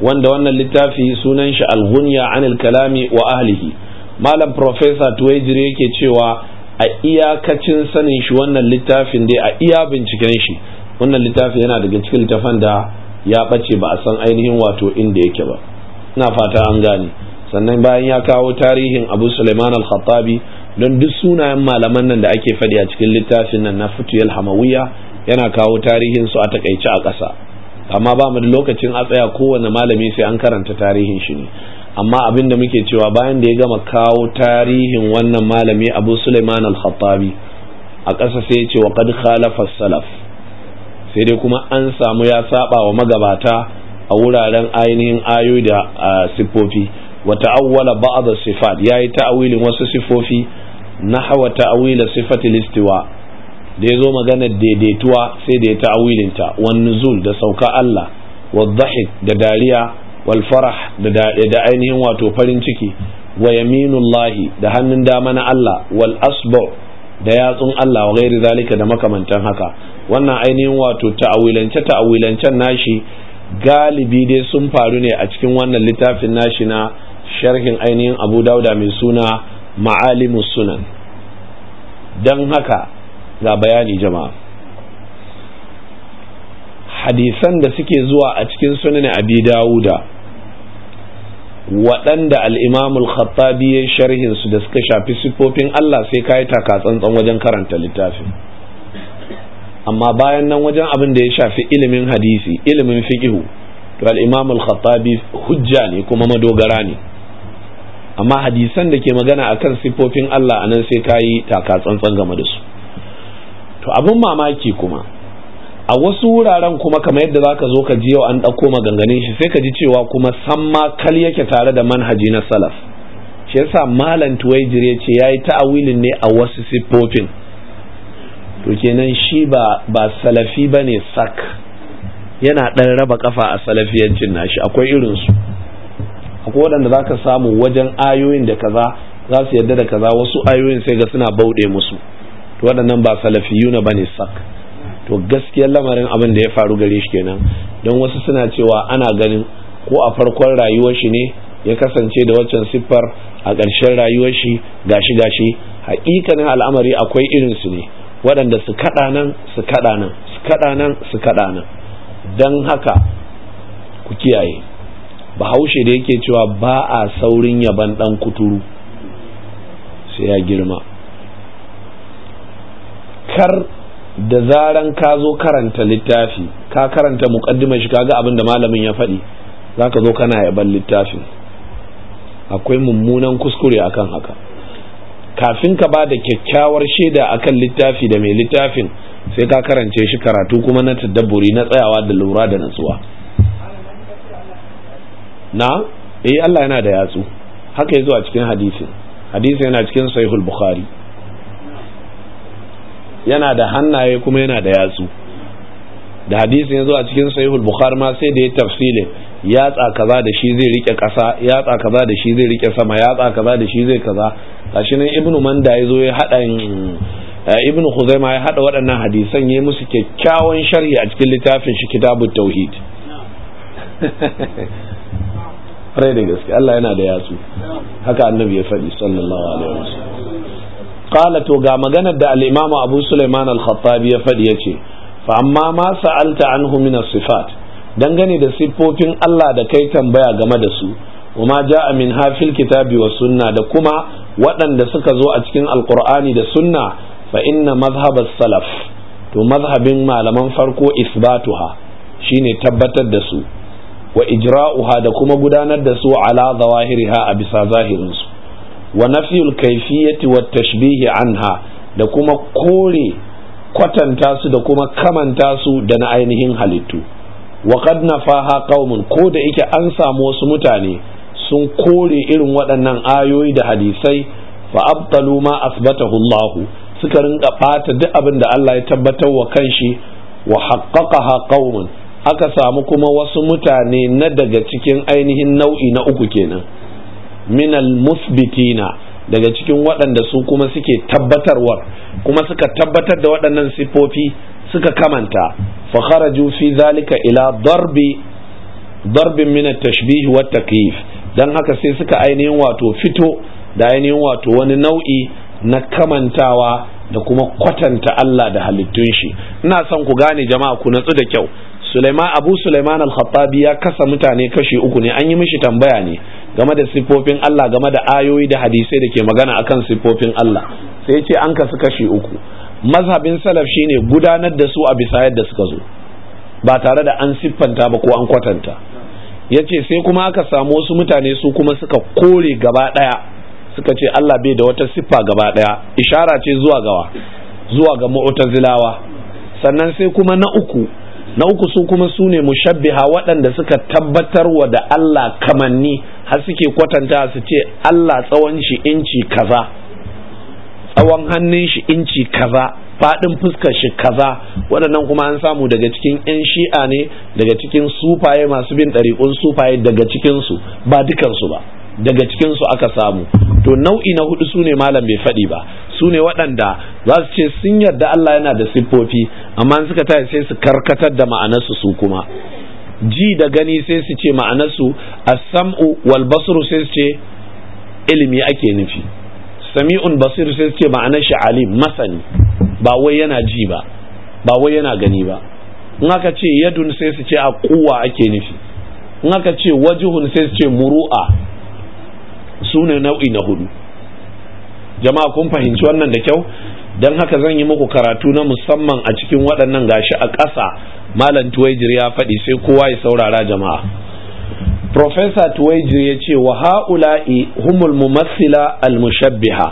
wanda wannan littafi sunan shi al-ghunya an al-kalami wa ahlihi malam professor tuwejiri yake cewa a iyakacin sanin shi wannan littafin dai a iya binciken shi wannan littafin yana daga cikin littafan da ya ɓace ba a san ainihin wato inda yake ba ina fata an gane sannan bayan ya kawo tarihin abu suleiman al-khattabi don duk sunayen malaman nan da ake faɗi a cikin littafin nan na futuyal hamawiya yana kawo tarihin su a takaice a ƙasa amma ba mu da lokacin a tsaya kowane malami sai an karanta tarihin shi ne amma abin da muke cewa bayan da ya gama kawo tarihin wannan malami abu suleiman al-khattabi a ƙasa sai ya ce wa qad khalafa salaf sai dai kuma an samu ya saba wa magabata a wuraren ainihin ayoyi da siffofi wata awwala ba'd as-sifat yayi ta'awilin wasu siffofi nahwa ta'awila sifati listiwa da ya zo magana daidaituwa sai da ya ta'awilin ta wan nuzul da sauka Allah wa dhahik da dariya wal farah da ainihin wato farin ciki wa yaminullahi da hannun dama na Allah wal asbu da yatsun Allah wa gairi zalika da makamantan haka wannan ainihin wato ta'awilance ta'awilancen nashi galibi dai sun faru ne a cikin wannan littafin nashi na sharhin ainihin Abu Dauda mai suna Ma'alimus Sunan dan haka ga bayani jama'a hadisan da suke zuwa a cikin sunan Abi Dawuda waɗanda al'imamul khattabi ya sharhin su da suka shafi siffofin Allah sai ka yi tsantsan wajen karanta littafin amma bayan nan wajen abin da ya shafi ilimin hadisi ilimin fiƙihu to al'imamul khattabi hujja ne kuma madogara ne amma hadisan da ke magana akan siffofin Allah a nan sai ka yi takatsantsan game da su to abin mamaki kuma a wasu wuraren kuma kamar yadda zaka zo ka ji yau an ɗauko maganganun shi sai ka ji cewa kuma san ma kal yake tare da manhaji na salaf shi yasa malam tuwaijir ya ce yayi ta'awilin ne a wasu siffofin to kenan shi ba ba salafi bane sak yana ɗan raba kafa a salafiyancin nashi akwai irin su akwai waɗanda zaka samu wajen ayoyin da kaza za su yadda da kaza wasu ayoyin sai ga suna bauɗe musu To waɗannan ba salafiyuna bane sak to gaskiyar lamarin abin da ya faru gare shi kenan don wasu suna cewa ana ganin ko a farkon rayuwar shi ne ya kasance da waccan siffar a ƙarshen rayuwar shi gashi gashi hakikanin al'amari akwai irin su ne waɗanda su kaɗa nan su kaɗa nan su kaɗa nan su kaɗa nan don haka ku kiyaye bahaushe da yake cewa ba a saurin yaban ɗan kuturu sai ya girma kar da zaran ka zo karanta littafi ka karanta mukaddimar shi kaga abin da malamin ya faɗi za ka zo kana yaban littafin akwai mummunan kuskure akan haka kafin ka ba da kyakkyawar shaida akan littafi da mai littafin sai ka karance shi karatu kuma na tadabburi na tsayawa da lura da natsuwa na eh Allah yana da yatsu haka yazo a cikin hadisin hadisin yana cikin sahihul bukhari yana da hannaye kuma yana da yatsu da hadisin ya zo a cikin sahihul bukhari ma sai da ya tafsilin yatsa kaza da shi zai rike kasa yatsa kaza da shi zai rike sama yatsa kaza da shi zai kaza gashi nan ibnu manda ya zo ya hada eh, ibnu khuzaima ya hada waɗannan hadisan ya musu kyakkyawan sharhi a cikin littafin shi kitabut tauhid rai da gaske Allah yana da yatsu haka annabi ya faɗi sallallahu alaihi wasallam qala to ga maganar da al-imamu abu sulaiman al ya faɗi yace fa amma ma sa'alta anhu min sifat dangane da siffofin Allah da kai tambaya game da su wa ma ja'a min hafil kitabi wa sunna da kuma waɗanda suka zo a cikin alqur'ani da sunna fa inna madhhab salaf to mazhabin malaman farko isbatuha shine tabbatar da su wa ijra'uha da kuma gudanar da su ala zawahiriha a bisa zahirinsu wa nafiyul kaifiyati wa tashbihi anha da kuma kore kwatanta su da kuma kamanta su da na ainihin halittu wa qad nafaha qaumun ko da yake an samu wasu mutane sun kore irin waɗannan ayoyi da hadisai fa abtalu ma asbatahu Allah suka rinka bata duk abin da Allah ya tabbatar wa kanshi wa haqqaqaha qaumun aka samu kuma wasu mutane na daga cikin ainihin nau'i na uku kenan minal musbitina daga cikin waɗanda su kuma suke tabbatarwar kuma suka tabbatar da waɗannan siffofi suka kamanta fa kharaju fi zalika ila darbi darbin min at-tashbih wa takyif dan haka sai suka ainihin wato fito da ainihin wato wani nau'i na kamantawa da kuma kwatanta Allah da halittun shi ina son ku gane jama'a ku natsu da kyau Sulaiman Abu Sulaiman al-Khattabi ya kasa mutane kashi uku ne an yi mishi tambaya ne game da siffofin Allah game da ayoyi da hadisai da ke magana akan siffofin Allah sai ce an kasu kashi uku mazhabin salaf shine gudanar da su a bisa yadda suka zo ba tare da an siffanta ba ko an kwatanta yace sai kuma aka samu wasu mutane su kuma suka kore gaba daya suka ce Allah bai da wata siffa gaba daya ishara ce zuwa gawa zuwa ga mu'tazilawa sannan sai kuma na uku na uku su kuma su ne mushabbiha waɗanda suka tabbatar wa da Allah kamanni har suke kwatanta su ce Allah tsawon shi inci kaza tsawon hannun shi inci kaza faɗin fuskar shi kaza waɗannan kuma an samu daga cikin 'yan shi'a ne daga cikin sufaye masu bin ɗariƙun sufaye daga cikinsu ba dukansu ba daga cikinsu aka samu to nau'i na hudu su ne malam bai faɗi ba su ne waɗanda za su ce sun yarda Allah yana da siffofi amma suka ta sai su karkatar da ma'anarsu su kuma ji da gani sai su ce ma'anarsu a samu wal basiru sai su ce ilimi ake nufi sami'un basiru sai su ce ma'anar shi masani ba wai yana ji ba ba wai yana gani ba in aka ce yadun sai su ce a kuwa ake nufi in aka ce wajuhun sai su ce muru'a su ne nau'i na hudu jama'a kun fahimci wannan da kyau don haka zan yi muku karatu na musamman a cikin waɗannan gashi a ƙasa malam tuwaijir ya faɗi sai kowa ya saurara jama'a Profesa tuwaijir ya ce wa ha'ula'i humul mumassila al-mushabbiha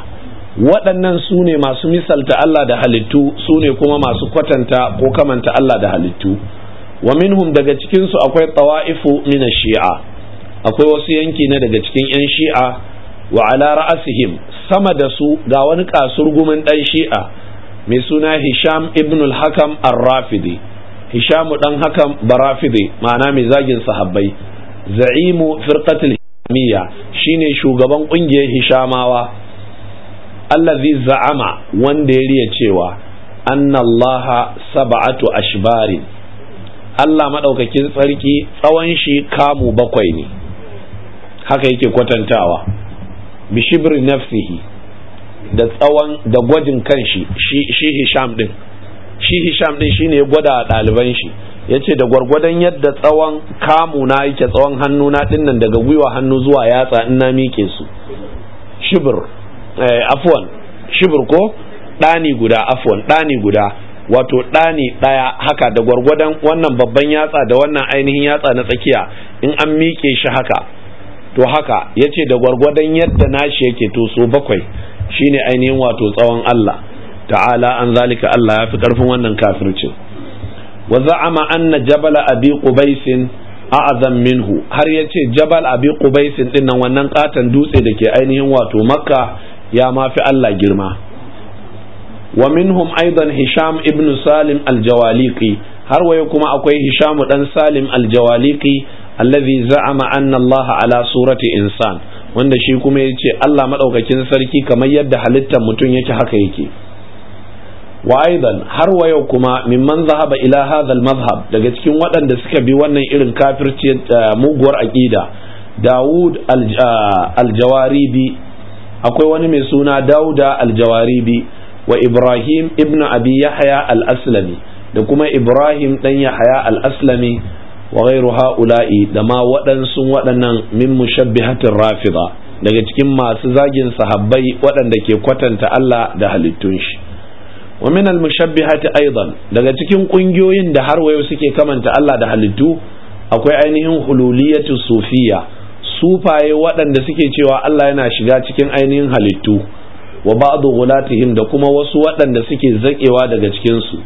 waɗannan su ne masu misalta Allah da halittu su ne kuma masu kwatanta ko kamanta Allah da halittu wa minhum daga cikinsu akwai tawa'ifu mina shi'a akwai wasu yanki na daga cikin 'yan shi'a wa ala ra'asihim sama da su ga wani kasurgumin ɗan shi'a mai suna hisham ibn al-hakam ar-rafidi hishamu dan hakam barafidi ma'ana mai zagin sahabbai za'imu firqatul hishamiyya shine shugaban kungiyar hishamawa allazi za'ama wanda ya riya cewa annallaha sab'atu ashbari Allah maɗaukakin Sarki, tsawon shi kamu bakwai ne haka yake kwatantawa bishibri nafsihi da tsawon da gwajin kanshi shi hisham din shi hisham din shine ya gwada wa ɗaliban shi yace da gwargwadon yadda tsawon kamuna yake tsawon hannu na nan daga gwiwa hannu zuwa yatsa in na miƙe su shibir afwan shibir ko ɗani guda afwan ɗani guda wato ɗani ɗaya haka da gwargwadon wannan babban yatsa da wannan ainihin yatsa na tsakiya in an miƙe shi haka to haka yace da gwargwadon yadda nashi yake to so bakwai shine ainihin wato tsawon Allah ta'ala an zalika Allah ya fi karfin wannan kafircin wa za'ama anna jabal abi qubaisin a'azam minhu har yace jabal abi qubaisin din nan wannan katan dutse da ke ainihin wato makka ya ma fi Allah girma wa minhum aidan hisham ibn salim al har waye kuma akwai Hishamu dan salim al allazi za'ama anna Allah ala surati insan wanda shi kuma yace Allah madaukakin sarki kamar yadda halittar mutum yake haka yake wa aidan har wa yau kuma mimman zahaba ila hadha mazhab daga cikin waɗanda suka bi wannan irin kafirci eh, muguwar aqida Dawud eh, al-Jawaribi akwai wani mai suna Dauda al-Jawaribi wa Ibrahim ibnu Abi Yahya al-Aslami da kuma Ibrahim dan Yahya al-Aslami wa ghairu ha'ula'i da ma waɗansu waɗannan min mushabbihatir rafida daga cikin masu zagin sahabbai waɗanda ke kwatanta Allah da halittun shi wa min al-mushabbihati aidan daga cikin ƙungiyoyin da har wayo suke kamanta Allah da halittu akwai ainihin hululiyatu sufiya sufaye waɗanda suke cewa Allah yana shiga cikin ainihin halittu wa ba'du gulatihim da kuma wasu waɗanda suke zakewa daga cikin su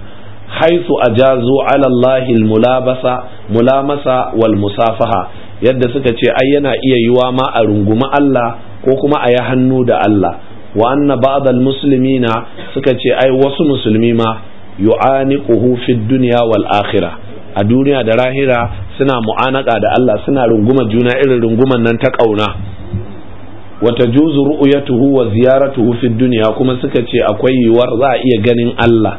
haisu a jazo Allah mulamasa wal musafaha yadda suka ce ai yana iya yiwa ma a runguma Allah ko kuma a yi hannu da Allah wa anna ba'd al suka ce ai wasu musulmi ma yu'aniquhu fid dunya wal akhirah a duniya da rahira suna mu'anaka da Allah suna runguma juna irin runguman nan ta kauna wata juzu ru'yatuhu wa ziyaratuhu fid dunya kuma suka ce akwai yiwuwar za a iya ganin Allah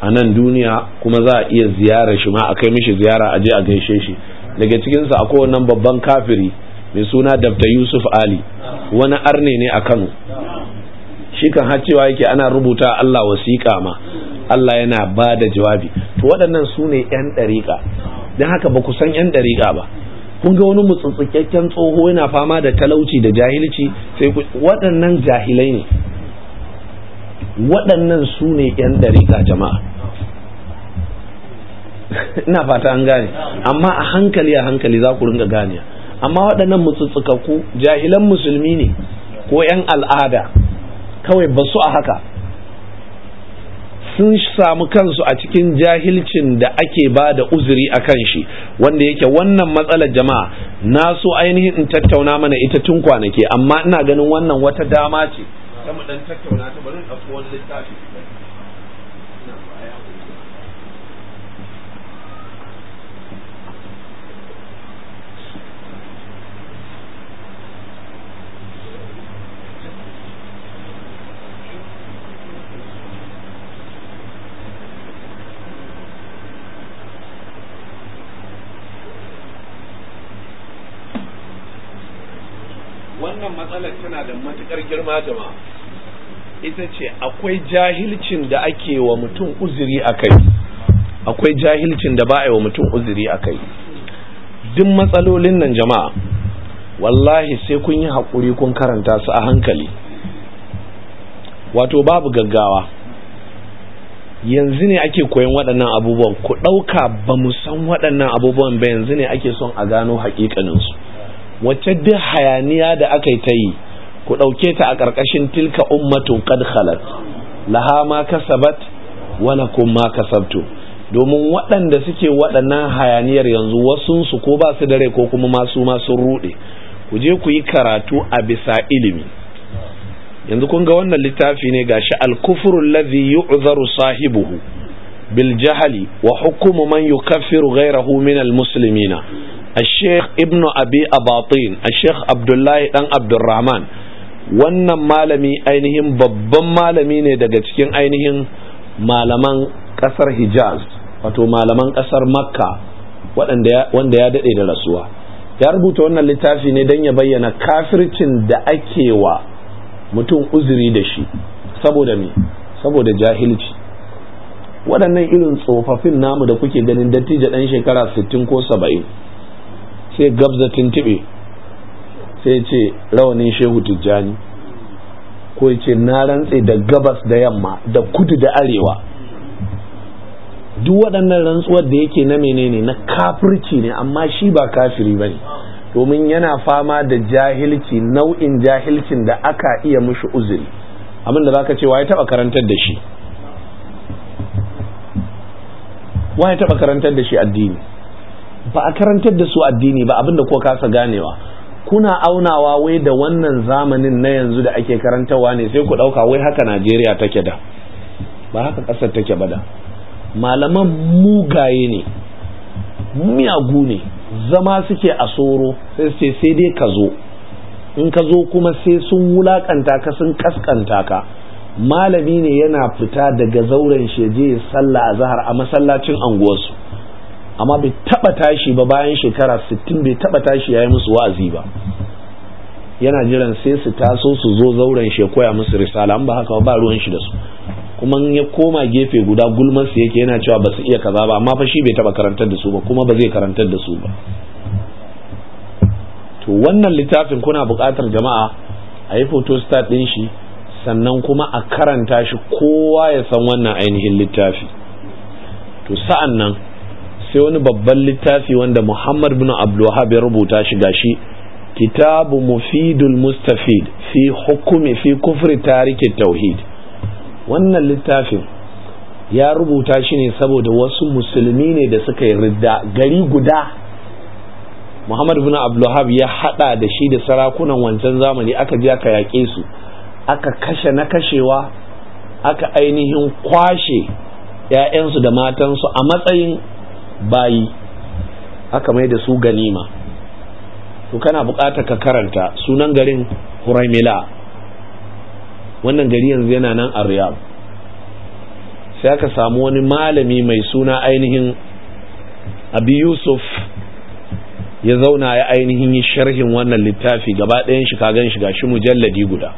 a nan duniya kuma za a iya ziyara shi ma a kai mishi ziyara a je a gaishe shi daga cikinsa akwai wannan babban kafiri mai suna dabta yusuf ali wani arne ne a kano shi kan har cewa yake ana rubuta allah wasiƙa ma allah yana ba da jawabi to waɗannan su ne 'yan ɗariƙa don haka ba ku san 'yan ɗariƙa ba kun ga wani mutsutsukakken tsoho yana fama da talauci da jahilci sai waɗannan jahilai ne waɗannan su ne 'yan ɗariƙa jama'a ina fata an gane amma a hankali a hankali za ku ringa gane amma waɗannan mutsutsukakku jahilan musulmi ne ko 'yan al'ada kawai ba su a haka sun samu kansu a cikin jahilcin da ake ba da uzuri a kan shi wanda yake wannan matsalar jama'a na so ainihin in tattauna mana ita tun kwanaki amma ina ganin wannan wata dama ce ta mu dan tattauna ta bari ɗauko wani littafi wannan matsalar tana da matukar girma jama'a ita ce akwai jahilcin da ake wa mutum uzuri a kai akwai jahilcin da ba a yi wa mutum uzuri a kai duk matsalolin nan jama'a wallahi sai kun yi haƙuri kun karanta su a hankali wato babu gaggawa yanzu ne ake koyon waɗannan abubuwan ku ɗauka ba mu san waɗannan abubuwan ba yanzu ne ake son a gano haƙiƙaninsu wacce duk hayaniya da aka yi ta yi ku ɗauke ta a ƙarƙashin tilka ummatun qad khalat laha ma kasabat wa lakum ma kasabtu domin waɗanda suke waɗannan hayaniyar yanzu wasunsu ko ba su da rai ko kuma masu masu ruɗe ku je ku yi karatu a bisa ilimi yanzu kun ga wannan littafi ne gashi al-kufru alladhi yu'zaru sahibuhu bil jahli wa hukumu man yukaffiru ghayrahu min al-muslimina الشيخ ابن أبي أباطين الشيخ عبد الله بن عبد الرحمن wannan malami ainihin babban malami ne daga cikin ainihin malaman kasar hijaz wato malaman kasar makka wanda ya daɗe da rasuwa ya rubuta wannan littafi ne don ya bayyana kafircin da ake wa mutum uzuri da shi saboda me saboda jahilci waɗannan irin tsofaffin namu da kuke ganin dattijo ɗan shekara 60 ko 70 sai gabza tintibe sai ce rawanin shehu tijjani ko ce na rantse da gabas da yamma da kudu da arewa duk waɗannan rantsuwar da yake na menene na kafirci ne amma shi ba kafiri ba ne domin yana fama da jahilci nau'in jahilcin da aka iya mushi uzuri abin da ka ce wa ya taɓa karantar da shi wa ya taɓa karantar da shi addini ba a karantar da su addini ba abinda ko kasa ganewa kuna aunawa wai da wannan zamanin na yanzu da ake karantawa ne sai ku ɗauka wai haka najeriya take da ba haka ƙasar take ba da malaman mugaye ne miyagu ne zama suke a soro sai ce sai dai ka zo in ka zo kuma sai sun wulaƙanta ka sun kaskanta ka malami ne yana fita daga zauren sheje sallah a zahar a masallacin anguwarsu amma bai taba tashi ba bayan shekara 60 bai taba tashi yayi musu wa'azi ba yana jiran sai su taso su zo zauren shi koya musu risala an ba haka ba ruwan shi da su kuma ya koma gefe guda gulman su yake yana cewa ba su iya kaza ba amma fa shi bai taba karantar da su ba kuma ba zai karantar da su ba to wannan littafin kuna buƙatar jama'a a yi photostat din shi sannan kuma a karanta shi kowa ya san wannan ainihin littafi to sa'an nan sai wani babban littafi wanda muhammad bin abdulwahab ya rubuta shi gashi kitabu mufidul mustafid fi hukumi fi kufri tarikin tauhid wannan littafin ya rubuta shi ne saboda wasu musulmi ne da suka yi ridda gari guda muhammad bin abdulwahab ya hada da shi da sarakunan wancan zamani aka je aka yaƙe su aka kashe na kashewa aka ainihin kwashe ‘ya'yansu da matansu a matsayin bayi aka mai da su ganima to kana buƙatar ka karanta sunan garin huraimila wannan gari yanzu yana nan a riyab sai aka samu wani malami mai suna ainihin abi yusuf ya zauna ya ainihin yi sharhin wannan littafi gaba ɗayan shi ka gan shi shi mujalladi guda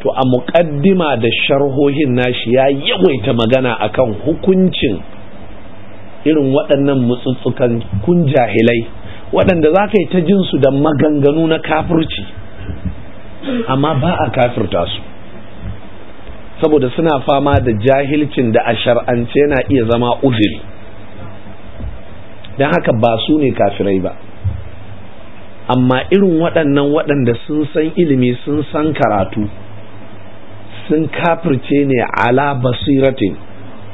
to a muƙaddima da sharhohin nashi ya yawaita magana akan hukuncin irin waɗannan mutsutsukan kun jahilai waɗanda za ka yi ta jinsu da maganganu na kafirci amma ba a kafirta su saboda suna fama da jahilcin da a shar'ance yana iya zama uzuri don haka ba su ne kafirai ba amma irin waɗannan waɗanda sun san ilimi sun san karatu sun kafirce ne ala basiratin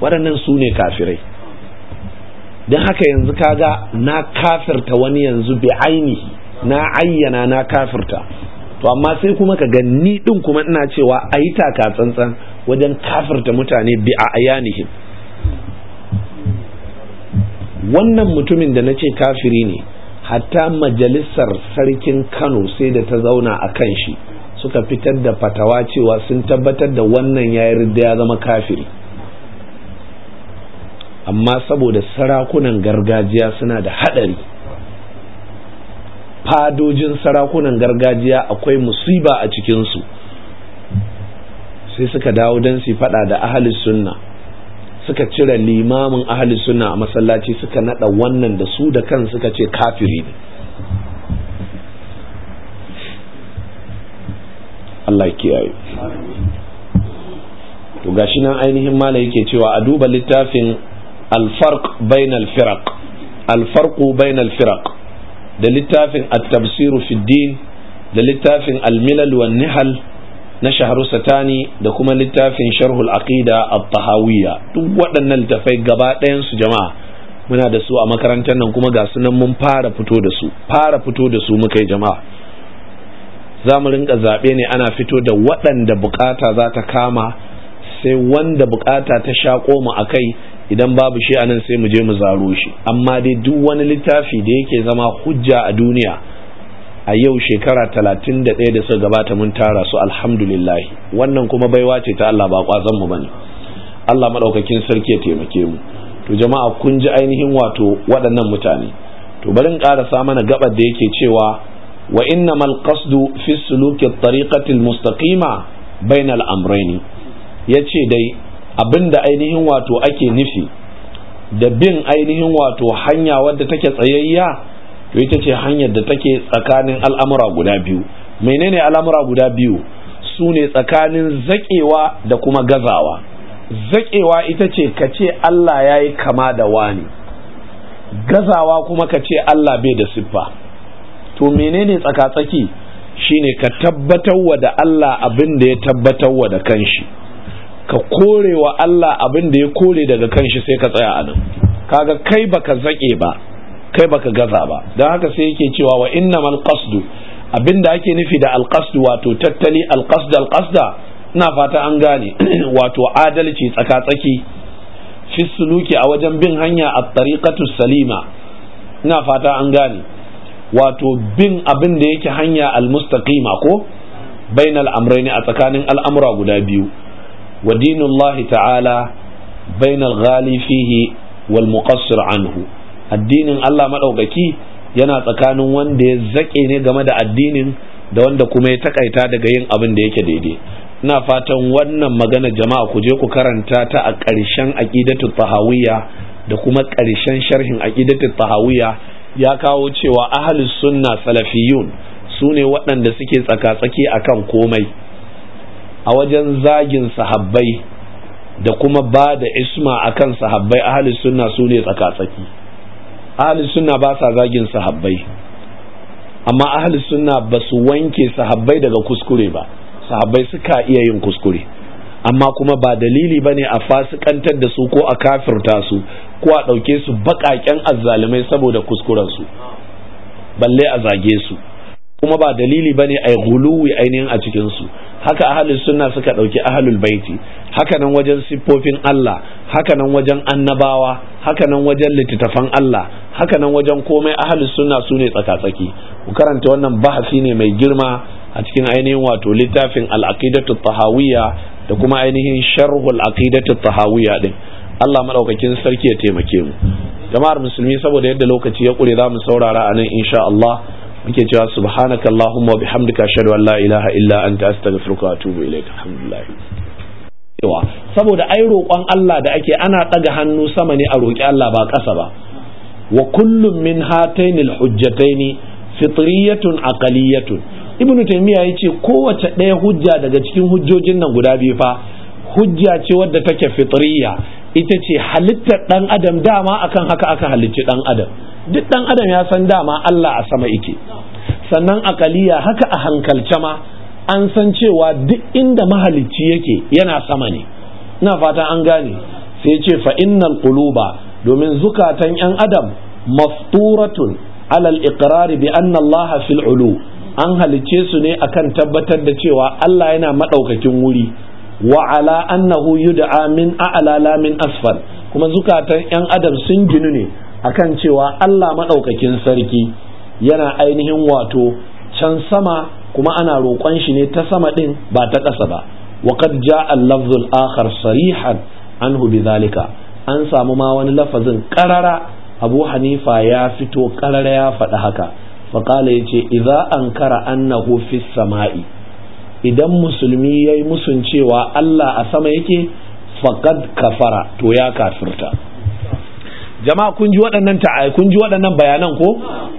waɗannan su ne kafirai don haka yanzu kaga na kafirta wani yanzu bi ainihi na ayyana na kafirta to amma sai kuma ka ga ni din kuma ina cewa a yi taka tsantsan wajen kafirta mutane bi a wannan mutumin da na ce kafiri ne hatta majalisar sarkin kano sai da ta zauna a kan shi suka fitar da fatawa cewa sun tabbatar da wannan ya yarda ya zama kafiri amma saboda sarakunan gargajiya suna da haɗari fadojin sarakunan gargajiya akwai musiba a cikinsu sai suka dawo don su faɗa da ahli sunna suka cire limamin ahli sunna a masallaci suka naɗa wannan da su da kan suka ce kafiri ne Allah kiyaye to gashi nan ainihin mala yake cewa a duba littafin alfarq bain alfiraq alfarqu bain da littafin at Fiddin da littafin al-milal na shahru satani da kuma littafin sharhul aqida a tahawiyya duk waɗannan littafai gaba ɗayansu jama'a muna da su a makarantar nan kuma ga sunan mun fara fito da su fara fito da su muka yi jama'a za mu rinka zaɓe ne ana fito da waɗanda bukata za ta kama sai wanda buƙata ta shaƙo mu a kai idan babu shi anan sai mu je mu zaro shi amma dai duk wani littafi da yake zama hujja a duniya a yau shekara talatin da ɗaya da suka gabata mun tara su alhamdulillahi wannan kuma baiwa ce ta Allah ba kwazon mu bane Allah madaukakin sarki ya taimake mu to jama'a kun ji ainihin wato waɗannan mutane to bari in ƙarasa mana gabar da yake cewa wa innamal qasdu fi suluki at-tariqati al-mustaqima amrayni yace dai abinda ainihin wato ake nufi da bin ainihin wato hanya wadda take tsayayya to ita ce hanyar da take tsakanin al'amura guda biyu menene al'amura guda biyu su ne tsakanin zaƙewa da kuma gazawa zaƙewa ita ce ka ce Allah ya yi kama da wani gazawa kuma ka ce Allah bai da siffa to menene tsaka-tsaki shine ka tabbatarwa da Allah abin da ya tabbatarwa da kanshi ka kore wa Allah abin da ya kore daga kanshi sai ka tsaya anan kaga kai baka zake ba kai baka gaza ba don haka sai yake cewa wa innamal qasdu abin da ake nufi da alqasdu wato tattali alqasd alqasda ina fata an gane wato adalci tsaka-tsaki fi suluki a wajen bin hanya a tariqatu salima ina fata an gane wato bin abin da yake hanya almustaqima ko bainal amraini a tsakanin al'amura guda biyu ودين الله ta'ala bainal ghali فيه wal عنه anhu addinin Allah maɗaukaki yana tsakanin wanda ya zake ne game da addinin da wanda kuma ya takaita daga yin abin da yake daidai ina fatan wannan magana jama'a ku je ku karanta ta a ƙarshen aqidatul tahawiyya da kuma ƙarshen sharhin aqidatul tahawiyya ya kawo cewa ahlus sunna salafiyun su ne waɗanda suke tsaka-tsaki akan komai a wajen zagin sahabbai da kuma ba da isma a kan sahabbai ahli sunna su ne tsakatsaki ahli sunna ba sa zagin sahabbai amma ahli sunna ba su wanke sahabbai daga kuskure ba sahabbai suka iya yin kuskure amma kuma ba dalili ba ne a fasikantar da su ko a kafirta su ko a ɗauke su baƙaƙen azzalumai saboda kuskuren su balle a zage su kuma ba dalili bane ai guluwi ainihin a cikin su haka ahlus sunna suka dauki ahlul baiti haka nan wajen siffofin Allah haka nan wajen annabawa haka nan wajen littattafan Allah haka nan wajen komai ahlus sunna sune tsakatsaki ku karanta wannan bahasi ne mai girma a cikin ainihin wato littafin al-aqidatu tahawiyya da kuma ainihin sharhul aqidatu tahawiyya din Allah madaukakin sarki ya taimake mu jama'ar musulmi saboda yadda lokaci ya kure za mu saurara a nan insha Allah muke cewa subhanaka allahumma wa bihamdika ashhadu an la ilaha illa anta astaghfiruka wa atubu alhamdulillah yawa saboda ai roƙon Allah da ake ana ɗaga hannu sama ne a roƙi Allah ba ƙasa ba wa kullum min hataini alhujjatain fitriyatun aqaliyatun ibnu taymiya yace kowace ɗaya hujja daga cikin hujjojin nan guda biyu fa hujja ce wadda take fitriya ita ce halittar ɗan adam dama akan haka aka halicci ɗan adam duk ɗan adam ya san dama Allah a sama ike sannan akaliya haka a hankalce ma an san cewa duk inda mahalicci yake yana sama ne ina fata an gane sai ce fa innal domin zukatan yan adam mafturatun alal iqrari bi anna Allah fil ulu an halicce su ne akan tabbatar da cewa Allah yana madaukakin wuri wa ala annahu yud'a min a'la min asfal kuma zukatan yan adam sun ginu ne akan cewa Allah madaukakin sarki yana ainihin wato can sama kuma ana roƙon shi ne ta sama din ba ta ƙasa ba wa qad ja'a al-lafzul akhar sarihan anhu bidhalika an samu ma wani lafazin qarara Abu Hanifa ya fito qarara ya faɗi haka faqala yace idza ankara annahu fis sama'i idan musulmi ya yi musun cewa Allah a sama yake faqad kafara to ya kafirta jama'a kun ji waɗannan ta'ayi kun ji waɗannan bayanan ko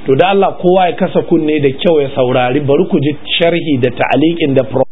to da Allah kowa ya kasa kunne da kyau ya saurari bari ku ji sharhi da ta'aliqin da